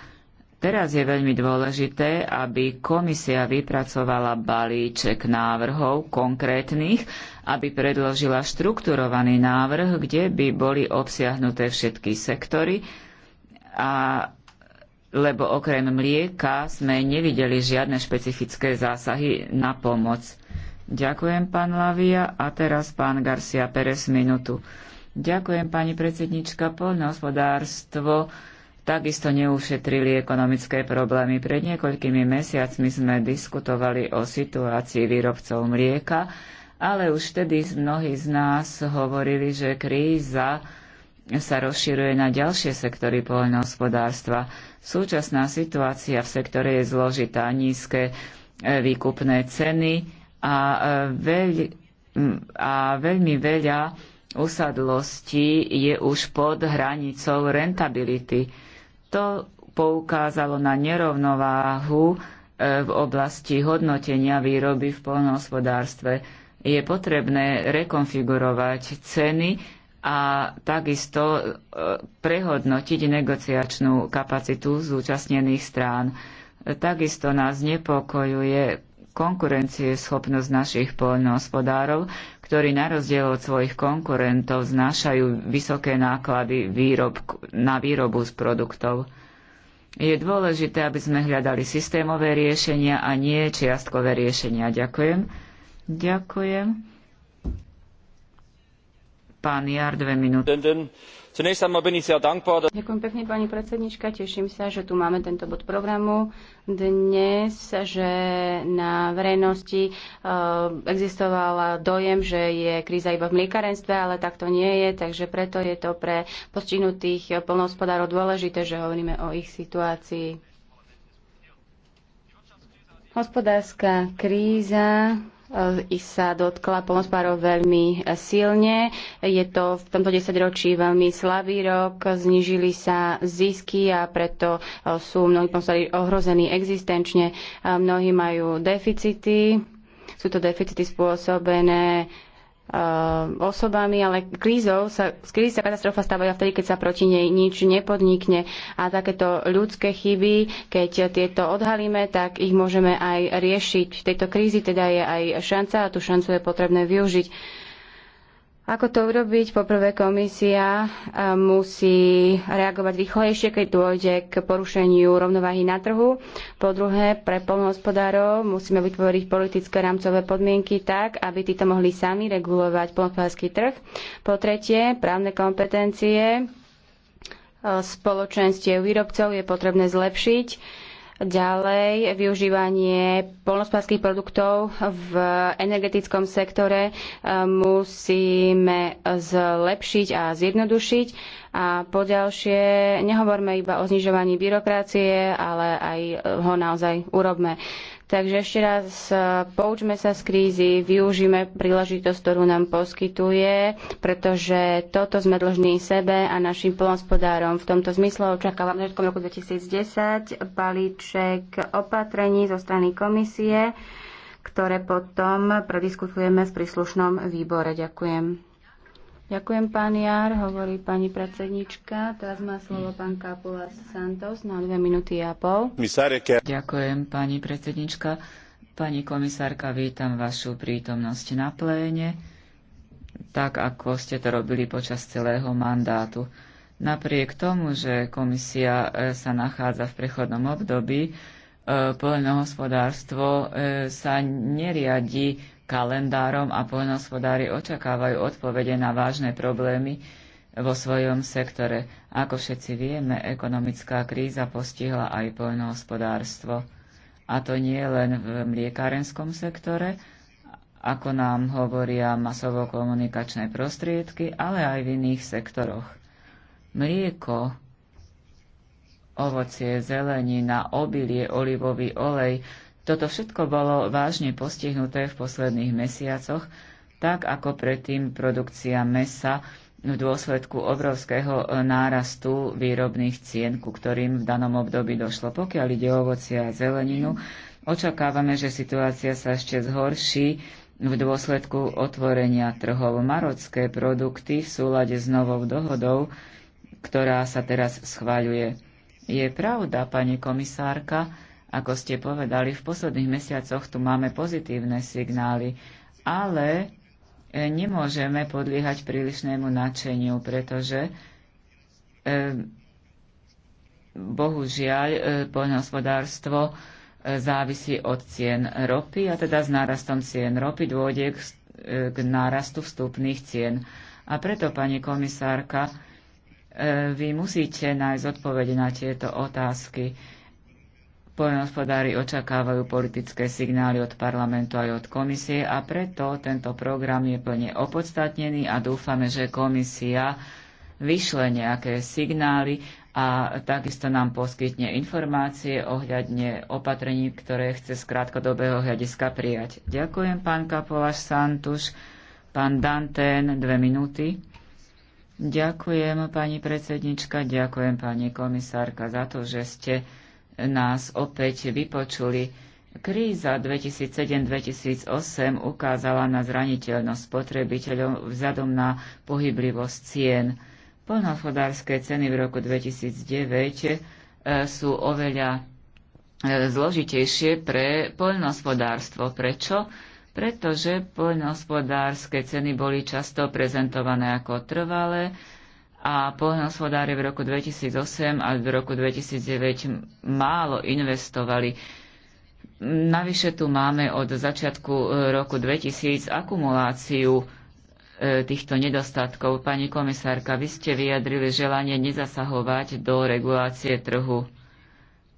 Teraz je veľmi dôležité, aby komisia vypracovala balíček návrhov konkrétnych aby predložila štrukturovaný návrh, kde by boli obsiahnuté všetky sektory a lebo okrem mlieka sme nevideli žiadne špecifické zásahy na pomoc. Ďakujem, pán Lavia. A teraz pán Garcia Pérez minútu. Ďakujem, pani predsednička. Poľnohospodárstvo takisto neušetrili ekonomické problémy. Pred niekoľkými mesiacmi sme diskutovali o situácii výrobcov mlieka ale už vtedy mnohí z nás hovorili, že kríza sa rozširuje na ďalšie sektory poľnohospodárstva. Súčasná situácia v sektore je zložitá, nízke e, výkupné ceny a, e, veľ, a veľmi veľa usadlostí je už pod hranicou rentability. To poukázalo na nerovnováhu e, v oblasti hodnotenia výroby v poľnohospodárstve je potrebné rekonfigurovať ceny a takisto e, prehodnotiť negociačnú kapacitu zúčastnených strán. Takisto nás nepokojuje schopnosť našich poľnohospodárov, ktorí na rozdiel od svojich konkurentov znášajú vysoké náklady výrobku na výrobu z produktov. Je dôležité, aby sme hľadali systémové riešenia a nie čiastkové riešenia. Ďakujem. Ďakujem. Pán Jar, dve minúty. Ďakujem pekne, pani predsednička. Teším sa, že tu máme tento bod programu dnes, že na verejnosti e, existoval dojem, že je kríza iba v mliekarenstve, ale tak to nie je, takže preto je to pre postihnutých plnohospodárov dôležité, že hovoríme o ich situácii. Hospodárska kríza Eh, ich sa dotkla pomospárov veľmi eh, silne. Je to v tomto desaťročí veľmi slabý rok, znižili sa zisky a preto eh, sú mnohí pomospári ohrození existenčne. Mnohí majú deficity, sú to deficity spôsobené Eh, osobami, ale krízou sa, z krízy sa katastrofa stávajú vtedy, keď sa proti nej nič nepodnikne. A takéto ľudské chyby, keď tieto odhalíme, tak ich môžeme aj riešiť. V tejto krízi teda je aj šanca a tú šancu je potrebné využiť. Ako to urobiť? Poprvé komisia e, musí reagovať rýchlejšie, keď dôjde k porušeniu rovnováhy na trhu. Po druhé, pre polnohospodárov musíme vytvoriť politické rámcové podmienky tak, aby títo mohli sami regulovať polnohospodársky trh. Po tretie, právne kompetencie e, spoločenstiev výrobcov je potrebné zlepšiť Ďalej využívanie polnospodárských produktov v energetickom sektore eh, musíme zlepšiť a zjednodušiť. A poďalšie, nehovorme iba o znižovaní byrokracie, ale aj ho naozaj urobme. Takže ešte raz e, poučme sa z krízy, využíme príležitosť, ktorú nám poskytuje, pretože toto sme dlžní sebe a našim polnospodárom. V tomto zmysle očakávam v roku 2010 balíček opatrení zo strany komisie, ktoré potom prediskutujeme v príslušnom výbore. Ďakujem. Ďakujem, pán Jar, hovorí pani predsednička. Teraz má slovo pán Kapula Santos na dve minúty a pol. Ďakujem, pani predsednička. Pani komisárka, vítam vašu prítomnosť na pléne, tak ako ste to robili počas celého mandátu. Napriek tomu, že komisia e, sa nachádza v prechodnom období, e, poľnohospodárstvo e, sa neriadi kalendárom a poľnohospodári očakávajú odpovede na vážne problémy vo svojom sektore. Ako všetci vieme, ekonomická kríza postihla aj poľnohospodárstvo. A to nie len v mliekárenskom sektore, ako nám hovoria masovo-komunikačné prostriedky, ale aj v iných sektoroch. Mlieko, ovocie, zelenina, obilie, olivový olej, toto všetko bolo vážne postihnuté v posledných mesiacoch, tak ako predtým produkcia mesa v dôsledku obrovského e, nárastu výrobných cien, ku ktorým v danom období došlo. Pokiaľ ide o ovocie a zeleninu, očakávame, že situácia sa ešte zhorší v dôsledku otvorenia trhov. Marocké produkty v súlade s novou dohodou, ktorá sa teraz schvaľuje. Je pravda, pani komisárka, ako ste povedali, v posledných mesiacoch tu máme pozitívne signály, ale e, nemôžeme podliehať prílišnému nadšeniu, pretože e, bohužiaľ e, poľnohospodárstvo závisí od cien ropy a teda s nárastom cien ropy dôjde k, k nárastu vstupných cien. A preto, pani komisárka, vy musíte nájsť odpovede na tieto otázky. Poľnohospodári očakávajú politické signály od parlamentu aj od komisie a preto tento program je plne opodstatnený a dúfame, že komisia vyšle nejaké signály a takisto nám poskytne informácie ohľadne opatrení, ktoré chce z krátkodobého hľadiska prijať. Ďakujem, pán Kapolaš Santuš. Pán Dantén, dve minúty. Ďakujem, pani predsednička, ďakujem, pani komisárka, za to, že ste nás opäť vypočuli. Kríza 2007-2008 ukázala na zraniteľnosť spotrebiteľov vzhľadom na pohyblivosť cien. Polnohospodárske ceny v roku 2009 e, sú oveľa e, zložitejšie pre poľnohospodárstvo. Prečo? Pretože poľnohospodárske ceny boli často prezentované ako trvalé, a poľnohospodári v roku 2008 a v roku 2009 málo investovali. Navyše tu máme od začiatku e, roku 2000 akumuláciu e, týchto nedostatkov. Pani komisárka, vy ste vyjadrili želanie nezasahovať do regulácie trhu.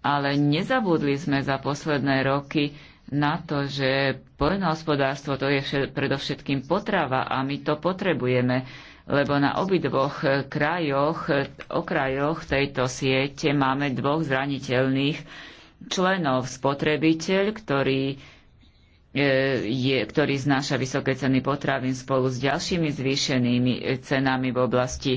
Ale nezabudli sme za posledné roky na to, že poľnohospodárstvo to je predovšetkým potrava a my to potrebujeme lebo na obidvoch eh, krajoch, eh, okrajoch tejto siete máme dvoch zraniteľných členov. Spotrebiteľ, ktorý, eh, je, ktorý znáša vysoké ceny potravín spolu s ďalšími zvýšenými cenami v oblasti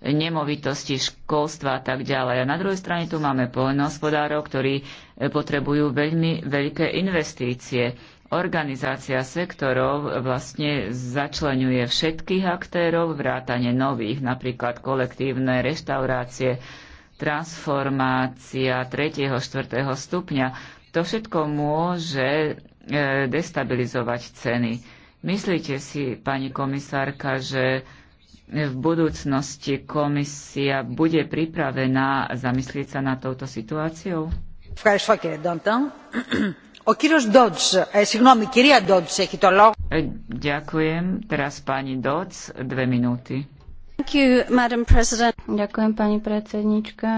nemovitosti, školstva a tak ďalej. A na druhej strane tu máme poľnohospodárov, ktorí potrebujú veľmi veľké investície. Organizácia sektorov vlastne začlenuje všetkých aktérov, vrátane nových, napríklad kolektívne reštaurácie, transformácia 3. 4. stupňa. To všetko môže e, destabilizovať ceny. Myslíte si, pani komisárka, že v budúcnosti komisia bude pripravená zamyslieť sa nad touto situáciou? Ďakujem. Teraz pani Dodds, dve minúty. Ďakujem, pani predsednička.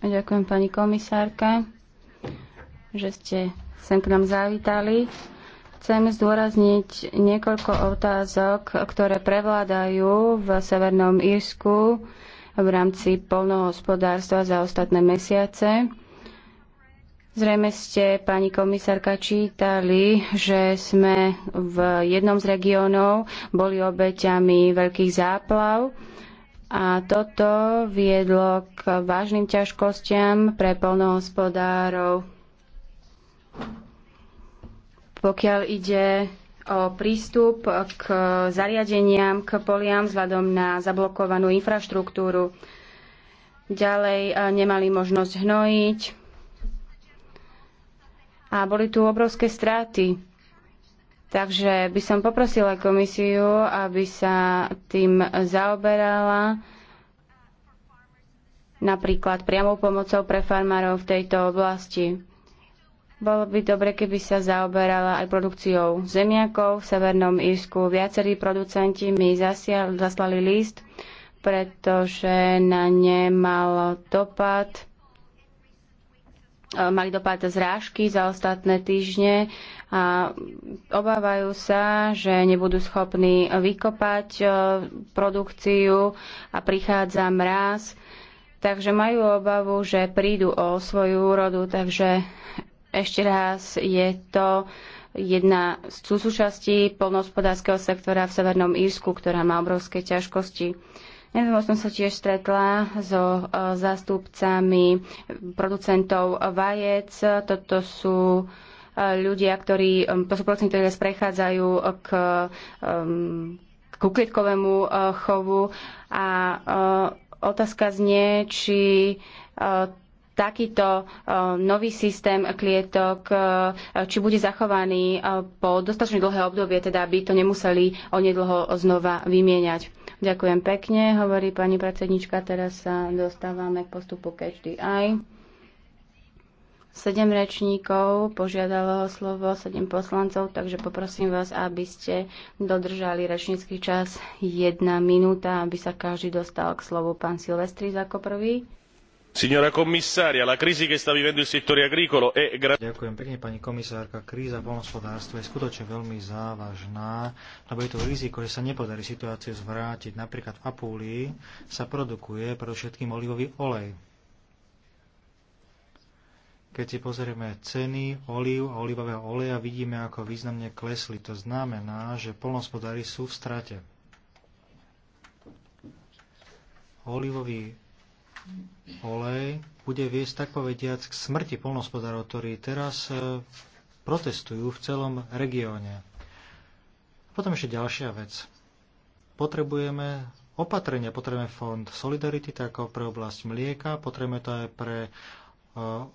A ďakujem pani komisárka, že ste sem k nám zavítali. Chcem zdôrazniť niekoľko otázok, ktoré prevládajú v Severnom Írsku v rámci polnohospodárstva za ostatné mesiace. Zrejme ste, pani komisárka, čítali, že sme v jednom z regiónov boli obeťami veľkých záplav a toto viedlo k vážnym ťažkostiam pre polnohospodárov. Pokiaľ ide o prístup k zariadeniam, k poliam vzhľadom na zablokovanú infraštruktúru. Ďalej nemali možnosť hnojiť, a boli tu obrovské straty. Takže by som poprosila komisiu, aby sa tým zaoberala napríklad priamou pomocou pre farmárov v tejto oblasti. Bolo by dobre, keby sa zaoberala aj produkciou zemiakov. V Severnom Írsku viacerí producenti mi zaslali list, pretože na ne mal dopad E, mali dopad zrážky za ostatné týždne a obávajú sa, že nebudú schopní vykopať e, produkciu a prichádza mraz. Takže majú obavu, že prídu o svoju úrodu, takže ešte raz je to jedna z súčastí polnohospodárskeho sektora v Severnom Írsku, ktorá má obrovské ťažkosti. Neviem, som sa tiež stretla so e, zástupcami producentov vajec. Toto sú e, ľudia, ktorí, e, to sú producenti, ktorí prechádzajú k, k kuklitkovému chovu a otázka znie, či takýto nový systém klietok, či bude zachovaný po dostatočne dlhé obdobie, teda aby to nemuseli onedlho znova vymieňať. Ďakujem pekne, hovorí pani predsednička. Teraz sa dostávame k postupu KHDI. Sedem rečníkov požiadalo o slovo, sedem poslancov, takže poprosím vás, aby ste dodržali rečnícky čas jedna minúta, aby sa každý dostal k slovu. Pán Silvestri ako prvý. Signora commissaria, la crisi che sta vivendo il settore agricolo è Ďakujem pekne, pani komisárka. Kríza v polnospodárstve je skutočne veľmi závažná, lebo je to riziko, že sa nepodarí situáciu zvrátiť. Napríklad v Apulii sa produkuje predovšetkým olivový olej. Keď si pozrieme ceny olív a olivového oleja, vidíme, ako významne klesli. To znamená, že polnospodári sú v strate. Olivový olej bude viesť tak povediac k smrti polnospodárov, ktorí teraz e, protestujú v celom regióne. Potom ešte ďalšia vec. Potrebujeme opatrenia, potrebujeme fond Solidarity, tak ako pre oblasť mlieka, potrebujeme to aj pre e,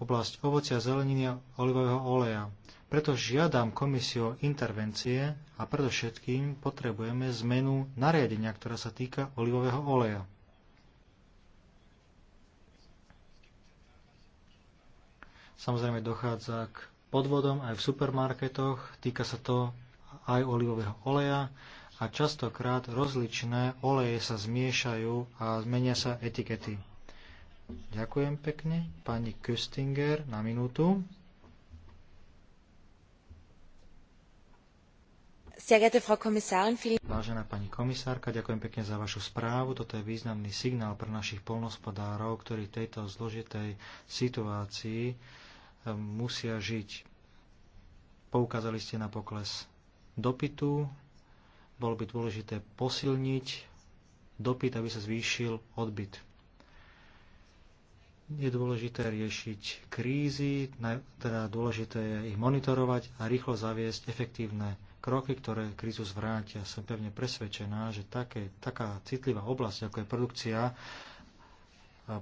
oblasť ovocia, zeleniny a olivového oleja. Preto žiadam komisiu o intervencie a predovšetkým potrebujeme zmenu nariadenia, ktorá sa týka olivového oleja. Samozrejme dochádza k podvodom aj v supermarketoch, týka sa to aj olivového oleja a častokrát rozličné oleje sa zmiešajú a zmenia sa etikety. Ďakujem pekne. Pani Köstinger na minútu. Vážená pani komisárka, ďakujem pekne za vašu správu. Toto je významný signál pre našich polnospodárov, ktorí v tejto zložitej situácii musia žiť. Poukázali ste na pokles dopytu. Bolo by dôležité posilniť dopyt, aby sa zvýšil odbyt. Je dôležité riešiť krízy, teda dôležité je ich monitorovať a rýchlo zaviesť efektívne kroky, ktoré krízu zvrátia. Som pevne presvedčená, že také, taká citlivá oblasť, ako je produkcia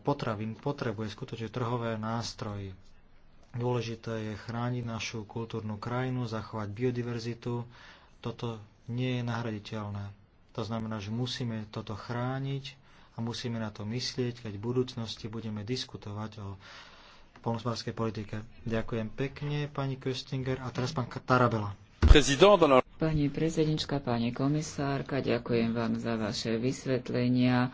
potravín, potrebuje skutočne trhové nástroje. Dôležité je chrániť našu kultúrnu krajinu, zachovať biodiverzitu. Toto nie je nahraditeľné. To znamená, že musíme toto chrániť a musíme na to myslieť, keď v budúcnosti budeme diskutovať o polnospodárskej politike. Ďakujem pekne, pani Köstinger. A teraz pán Tarabela. Pani prezidentka, pani komisárka, ďakujem vám za vaše vysvetlenia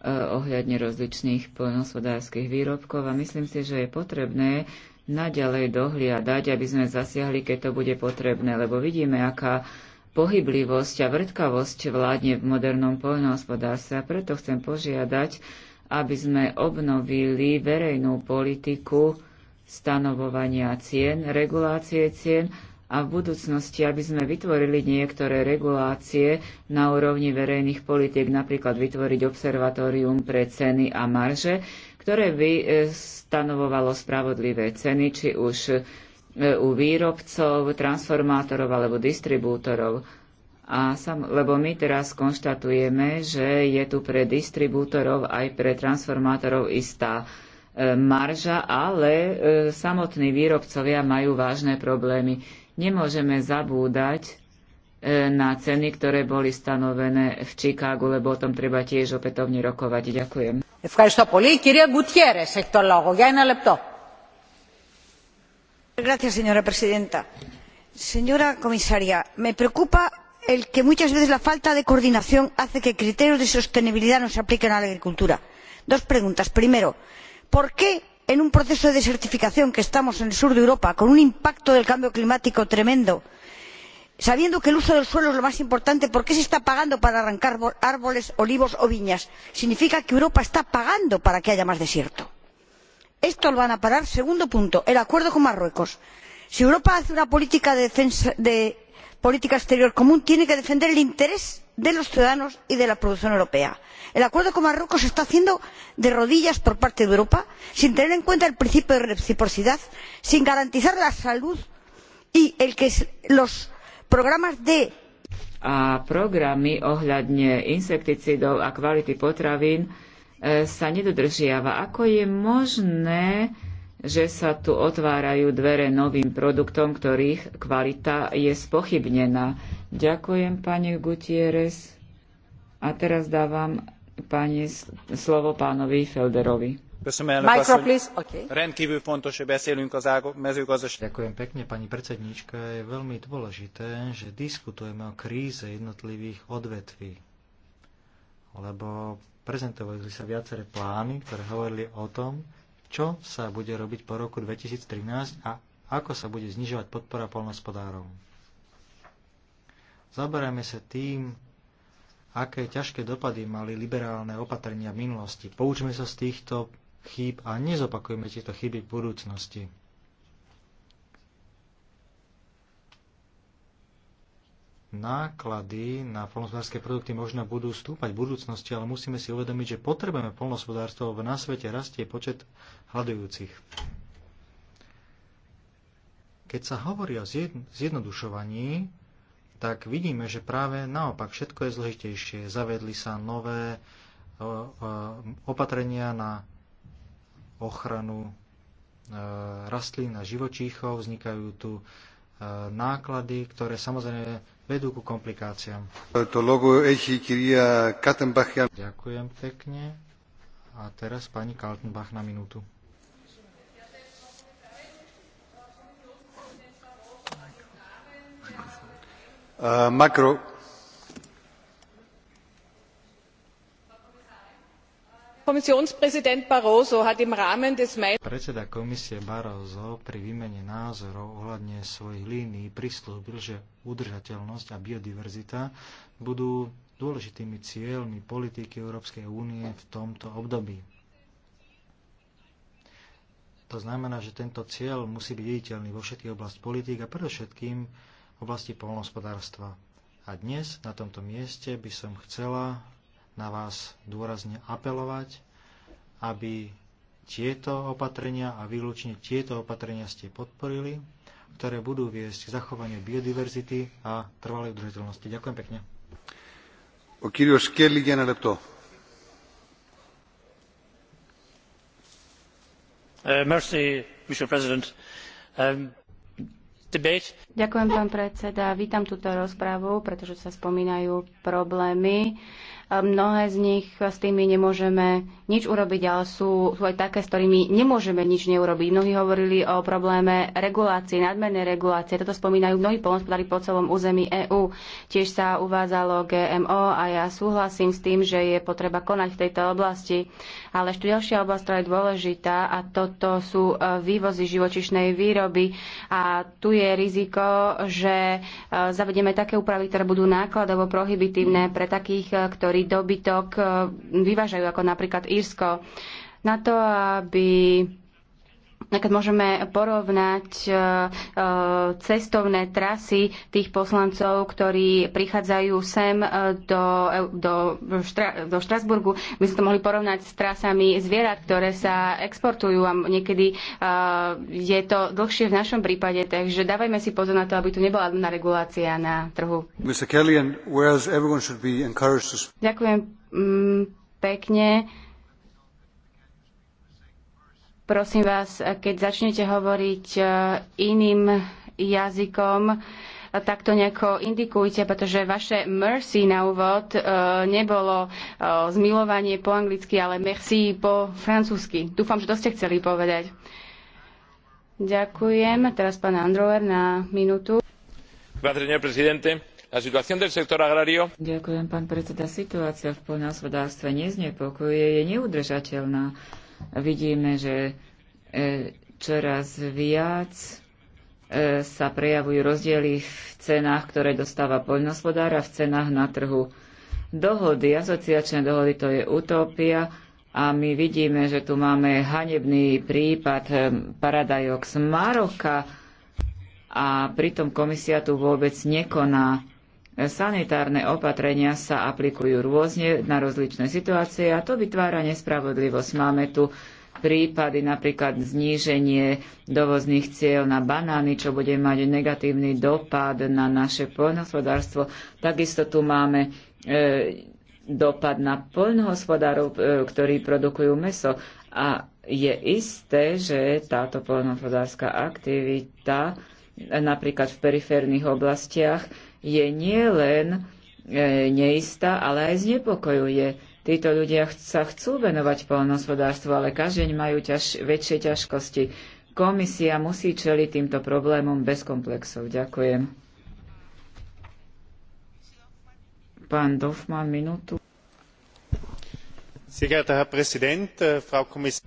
E, ohľadne rozličných poľnohospodárskych výrobkov a myslím si, že je potrebné naďalej dohliadať, aby sme zasiahli, keď to bude potrebné, lebo vidíme, aká pohyblivosť a vrtkavosť vládne v modernom poľnohospodárstve a preto chcem požiadať, aby sme obnovili verejnú politiku stanovovania cien, regulácie cien a v budúcnosti, aby sme vytvorili niektoré regulácie na úrovni verejných politiek, napríklad vytvoriť observatórium pre ceny a marže, ktoré by e, stanovovalo spravodlivé ceny, či už e, u výrobcov, transformátorov alebo distribútorov. A sam, lebo my teraz konštatujeme, že je tu pre distribútorov aj pre transformátorov istá e, marža, ale samotní výrobcovia majú vážne problémy. Nemôžeme zabúdať e, na ceny, ktoré boli stanovené v Chicagu, lebo o tom treba tiež opätovne rokovať. Ďakujem. Gracias, señora presidenta. Señora comisaria, me preocupa el que muchas veces la falta de coordinación hace que criterios de sostenibilidad no se apliquen a la agricultura. dos preguntas primero por qué en un proceso de desertificación que estamos en el sur de europa con un impacto del cambio climático tremendo sabiendo que el uso del suelo es lo más importante por qué se está pagando para arrancar árboles olivos o viñas? significa que europa está pagando para que haya más desierto. esto lo van a parar. segundo punto el acuerdo con marruecos. si europa hace una política, de defensa, de política exterior común tiene que defender el interés de los ciudadanos y de la producción europea. el acuerdo con marruecos se está haciendo de rodillas por parte de europa sin tener en cuenta el principio de reciprocidad sin garantizar la salud y el que los programas de a programy ohľadne insekticídov a kvality potravín eh, sa nedodržiava. Ako je možné že sa tu otvárajú dvere novým produktom, ktorých kvalita je spochybnená. Ďakujem, pani Gutierrez. A teraz dávam pani, slovo pánovi Felderovi. Ďakujem pekne, pani predsedníčka. Je veľmi dôležité, že diskutujeme o kríze jednotlivých odvetví. Lebo prezentovali sa viaceré plány, ktoré hovorili o tom, čo sa bude robiť po roku 2013 a ako sa bude znižovať podpora polnospodárov. Zaberajme sa tým, aké ťažké dopady mali liberálne opatrenia v minulosti. Poučme sa z týchto chýb a nezopakujme tieto chyby v budúcnosti. náklady na polnospodárske produkty možno budú stúpať v budúcnosti, ale musíme si uvedomiť, že potrebujeme polnospodárstvo, lebo na svete rastie počet hľadujúcich. Keď sa hovorí o zjednodušovaní, tak vidíme, že práve naopak všetko je zložitejšie. Zavedli sa nové e, e, opatrenia na ochranu e, rastlín a živočíchov, vznikajú tu náklady, ktoré samozrejme vedú ku komplikáciám. To logo echi, Ďakujem pekne. A teraz pani Kaltenbach na minútu. Uh, Kommissionspräsident Barroso hat im Rahmen des Predseda komisie Barroso pri výmene názorov ohľadne svojich línií prislúbil, že udržateľnosť a biodiverzita budú dôležitými cieľmi politiky Európskej únie v tomto období. To znamená, že tento cieľ musí byť viditeľný vo všetkých oblasti politík a predovšetkým oblasti polnohospodárstva. A dnes na tomto mieste by som chcela na vás dôrazne apelovať, aby tieto opatrenia a výlučne tieto opatrenia ste podporili, ktoré budú viesť k zachovaniu biodiverzity a trvalej udržateľnosti. Ďakujem pekne. O Kelly, ja Uh, merci, Mr. President. Um, Ďakujem, pán predseda. Vítam túto rozprávu, pretože sa spomínajú problémy Mnohé z nich s tými nemôžeme nič urobiť, ale sú, sú aj také, s ktorými nemôžeme nič neurobiť. Mnohí hovorili o probléme regulácie, nadmernej regulácie. Toto spomínajú mnohí polnospodári po celom území EÚ. Tiež sa uvádzalo GMO a ja súhlasím s tým, že je potreba konať v tejto oblasti. Ale ešte ďalšia oblasť, ktorá je dôležitá a toto sú e, vývozy živočišnej výroby. A tu je riziko, že e, zavedieme také úpravy, ktoré budú nákladovo prohibitívne pre takých, e, ktorí ktorý dobytok eh, vyvážajú, ako napríklad Írsko, na to, aby keď môžeme porovnať e, e, cestovné trasy tých poslancov, ktorí prichádzajú sem e, do, do, do Štrasburgu, by sme to mohli porovnať s trasami zvierat, ktoré sa exportujú a niekedy je to dlhšie v našom prípade, takže dávajme si pozor na to, aby tu nebola na regulácia na trhu. Ďakujem mm, pekne. Prosím vás, keď začnete hovoriť e, iným jazykom, tak to nejako indikujte, pretože vaše mercy na úvod e, nebolo e, zmilovanie po anglicky, ale merci po francúzsky. Dúfam, že to ste chceli povedať. Ďakujem. Teraz pán Androver na minútu. Ďakujem, pán predseda. Situácia v poľnohospodárstve neznepokojuje, je neudržateľná vidíme, že e, čoraz viac e, sa prejavujú rozdiely v cenách, ktoré dostáva poľnohospodár a v cenách na trhu. Dohody, asociačné dohody, to je utopia a my vidíme, že tu máme hanebný prípad e, paradajok z Maroka a pritom komisia tu vôbec nekoná sanitárne opatrenia sa aplikujú rôzne na rozličné situácie a to vytvára nespravodlivosť. Máme tu prípady, napríklad zníženie dovozných cieľ na banány, čo bude mať negatívny dopad na naše poľnohospodárstvo. Takisto tu máme e, dopad na poľnohospodárov, e, ktorí produkujú meso. A je isté, že táto poľnohospodárska aktivita napríklad v periférnych oblastiach je nielen e, neistá, ale aj znepokojuje. Títo ľudia sa chcú venovať poľnohospodárstvu, ale každeň majú ťaž, väčšie ťažkosti. Komisia musí čeliť týmto problémom bez komplexov. Ďakujem. Pán Dofman, minútu. Äh,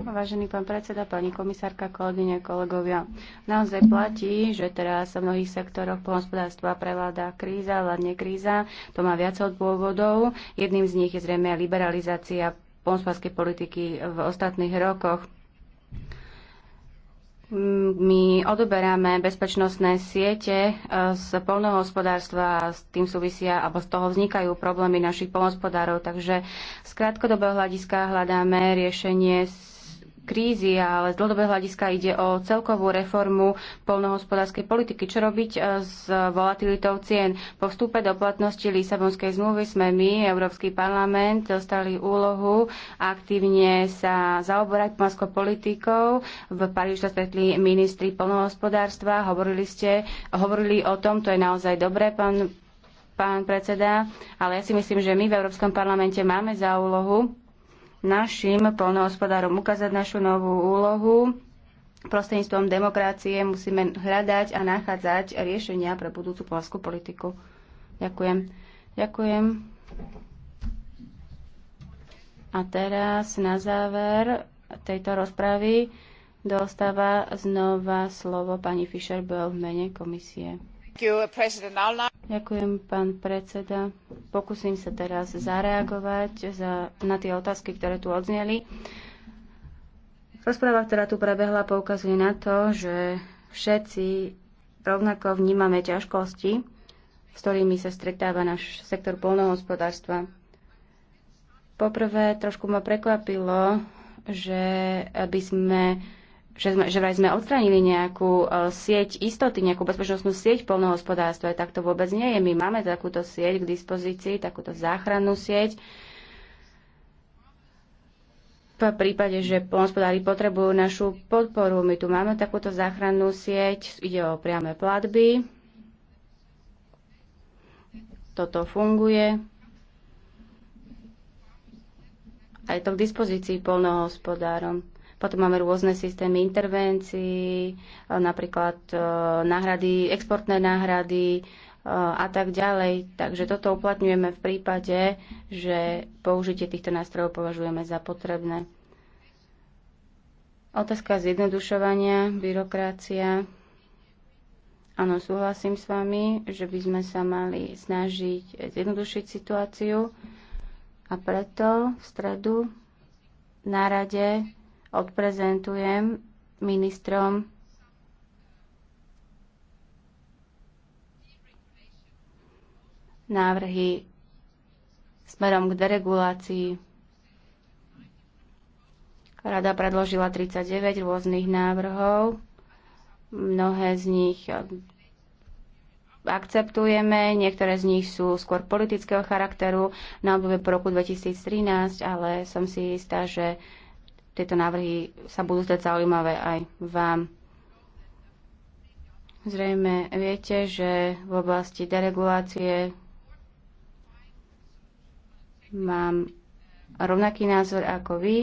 Vážený pán predseda, pani komisárka, kolegyne, kolegovia. Naozaj platí, že teraz v mnohých sektoroch pohospodárstva prevláda kríza, vládne kríza. To má viac dôvodov. Jedným z nich je zrejme aj liberalizácia poľnohospodárskej politiky v ostatných rokoch my odoberáme bezpečnostné siete eh, z polnohospodárstva a s tým súvisia, alebo z toho vznikajú problémy našich polnohospodárov. Takže z krátkodobého hľadiska hľadáme riešenie krízy, ale z dlhodobého hľadiska ide o celkovú reformu polnohospodárskej politiky. Čo robiť eh, s volatilitou cien? Po vstupe do platnosti Lisabonskej zmluvy sme my, Európsky parlament, dostali úlohu aktívne sa zaoberať polskou politikou. V Paríži sa stretli ministri polnohospodárstva, hovorili ste, hovorili o tom, to je naozaj dobré, pán, pán predseda, ale ja si myslím, že my v Európskom parlamente máme za úlohu našim polnohospodárom ukázať našu novú úlohu. Prostredníctvom demokracie musíme hľadať a nachádzať riešenia pre budúcu polskú politiku. Ďakujem. Ďakujem. A teraz na záver tejto rozpravy dostáva znova slovo pani Fischer-Bell v mene komisie. Ďakujem, pán predseda. Pokúsim sa teraz zareagovať za, na tie otázky, ktoré tu odzneli. Rozpráva, ktorá tu prebehla, poukazuje na to, že všetci rovnako vnímame ťažkosti, s ktorými sa stretáva náš sektor polnohospodárstva. Poprvé, trošku ma prekvapilo, že aby sme že, sme, že vraj sme odstranili nejakú e, sieť istoty, nejakú bezpečnostnú sieť v polnohospodárstve, tak to vôbec nie je. My máme takúto sieť k dispozícii, takúto záchrannú sieť. V prípade, že polnohospodári potrebujú našu podporu, my tu máme takúto záchrannú sieť, ide o priame platby. Toto funguje. A je to k dispozícii polnohospodárom. Potom máme rôzne systémy intervencií, e, napríklad e, náhrady, exportné náhrady e, a tak ďalej. Takže toto uplatňujeme v prípade, že použitie týchto nástrojov považujeme za potrebné. Otázka zjednodušovania, byrokracia. Áno, súhlasím s vami, že by sme sa mali snažiť zjednodušiť situáciu a preto v stredu na rade odprezentujem ministrom návrhy smerom k deregulácii. Rada predložila 39 rôznych návrhov. Mnohé z nich akceptujeme, niektoré z nich sú skôr politického charakteru na obdobie po roku 2013, ale som si istá, že tieto návrhy sa budú zdať zaujímavé aj vám. Zrejme viete, že v oblasti deregulácie mám rovnaký názor ako vy.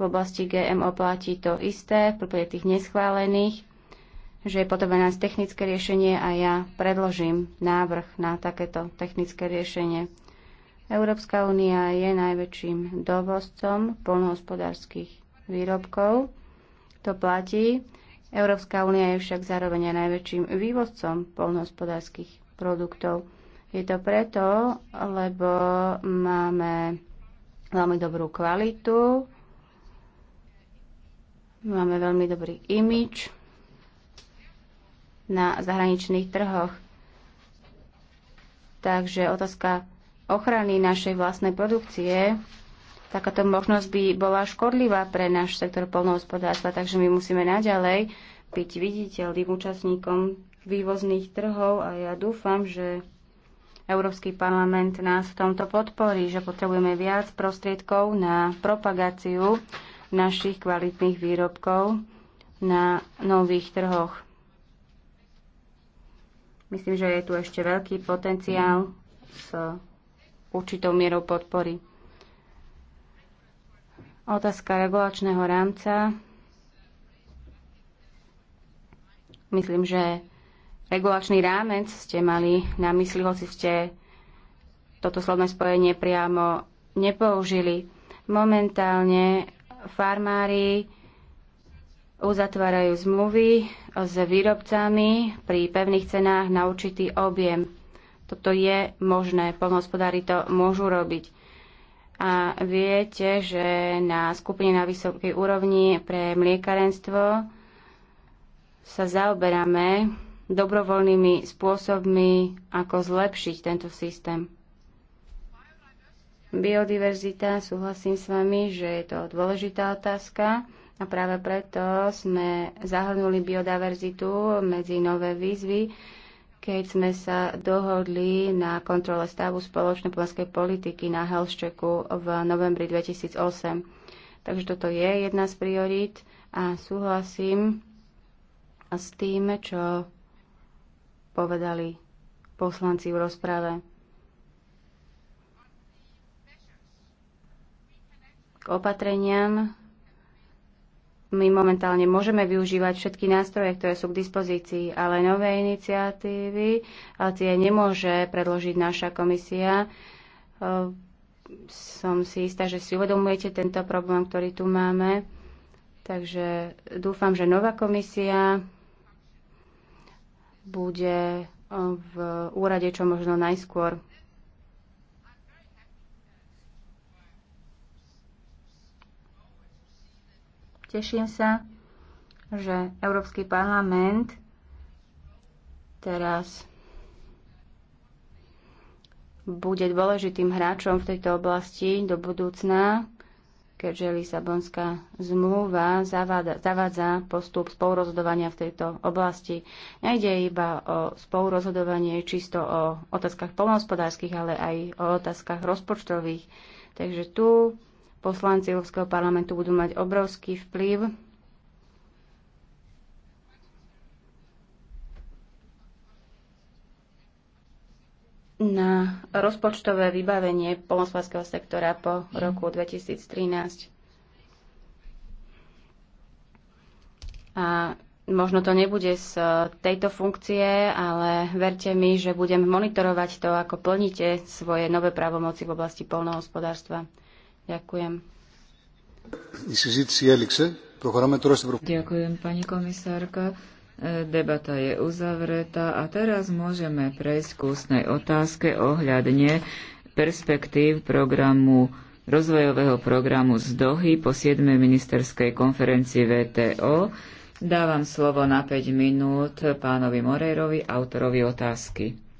V oblasti GMO platí to isté, v prípade tých neschválených, že je potrebné nájsť technické riešenie a ja predložím návrh na takéto technické riešenie. Európska únia je najväčším dovozcom polnohospodárskych výrobkov. To platí. Európska únia je však zároveň aj najväčším vývozcom polnohospodárskych produktov. Je to preto, lebo máme veľmi dobrú kvalitu, máme veľmi dobrý imič na zahraničných trhoch. Takže otázka ochrany našej vlastnej produkcie, takáto možnosť by bola škodlivá pre náš sektor polnohospodárstva, takže my musíme naďalej byť viditeľným účastníkom vývozných trhov a ja dúfam, že Európsky parlament nás v tomto podporí, že potrebujeme viac prostriedkov na propagáciu našich kvalitných výrobkov na nových trhoch. Myslím, že je tu ešte veľký potenciál s určitou mierou podpory. Otázka regulačného rámca. Myslím, že regulačný rámec ste mali na mysli, hoci ste toto slovné spojenie priamo nepoužili. Momentálne farmári uzatvárajú zmluvy s výrobcami pri pevných cenách na určitý objem. Toto je možné, polnohospodári to môžu robiť. A viete, že na skupine na vysokej úrovni pre mliekarenstvo sa zaoberáme dobrovoľnými spôsobmi, ako zlepšiť tento systém. Biodiverzita, súhlasím s vami, že je to dôležitá otázka a práve preto sme zahrnuli biodiverzitu medzi nové výzvy, keď sme sa dohodli na kontrole stavu spoločnej poľskej politiky na Helščeku v novembri 2008. Takže toto je jedna z priorít a súhlasím s tým, čo povedali poslanci v rozprave. K opatreniam my momentálne môžeme využívať všetky nástroje, ktoré sú k dispozícii, ale nové iniciatívy tie nemôže predložiť naša komisia. E, som si istá, že si uvedomujete tento problém, ktorý tu máme. Takže dúfam, že nová komisia bude e, v úrade čo možno najskôr. Teším sa, že Európsky parlament teraz bude dôležitým hráčom v tejto oblasti do budúcna, keďže Lisabonská zmluva zavádza, zavádza postup spolurozhodovania v tejto oblasti. Nejde iba o spolurozhodovanie čisto o otázkach polnohospodárskych, ale aj o otázkach rozpočtových. Takže tu poslanci Európskeho parlamentu budú mať obrovský vplyv na rozpočtové vybavenie polnospodárskeho sektora po roku 2013. A možno to nebude z tejto funkcie, ale verte mi, že budem monitorovať to, ako plníte svoje nové právomoci v oblasti polnohospodárstva. Ďakujem. Ďakujem, pani komisárka. Debata je uzavretá a teraz môžeme prejsť k ústnej otázke ohľadne perspektív programu rozvojového programu z Dohy po 7. ministerskej konferencii VTO. Dávam slovo na 5 minút pánovi Morejrovi, autorovi otázky.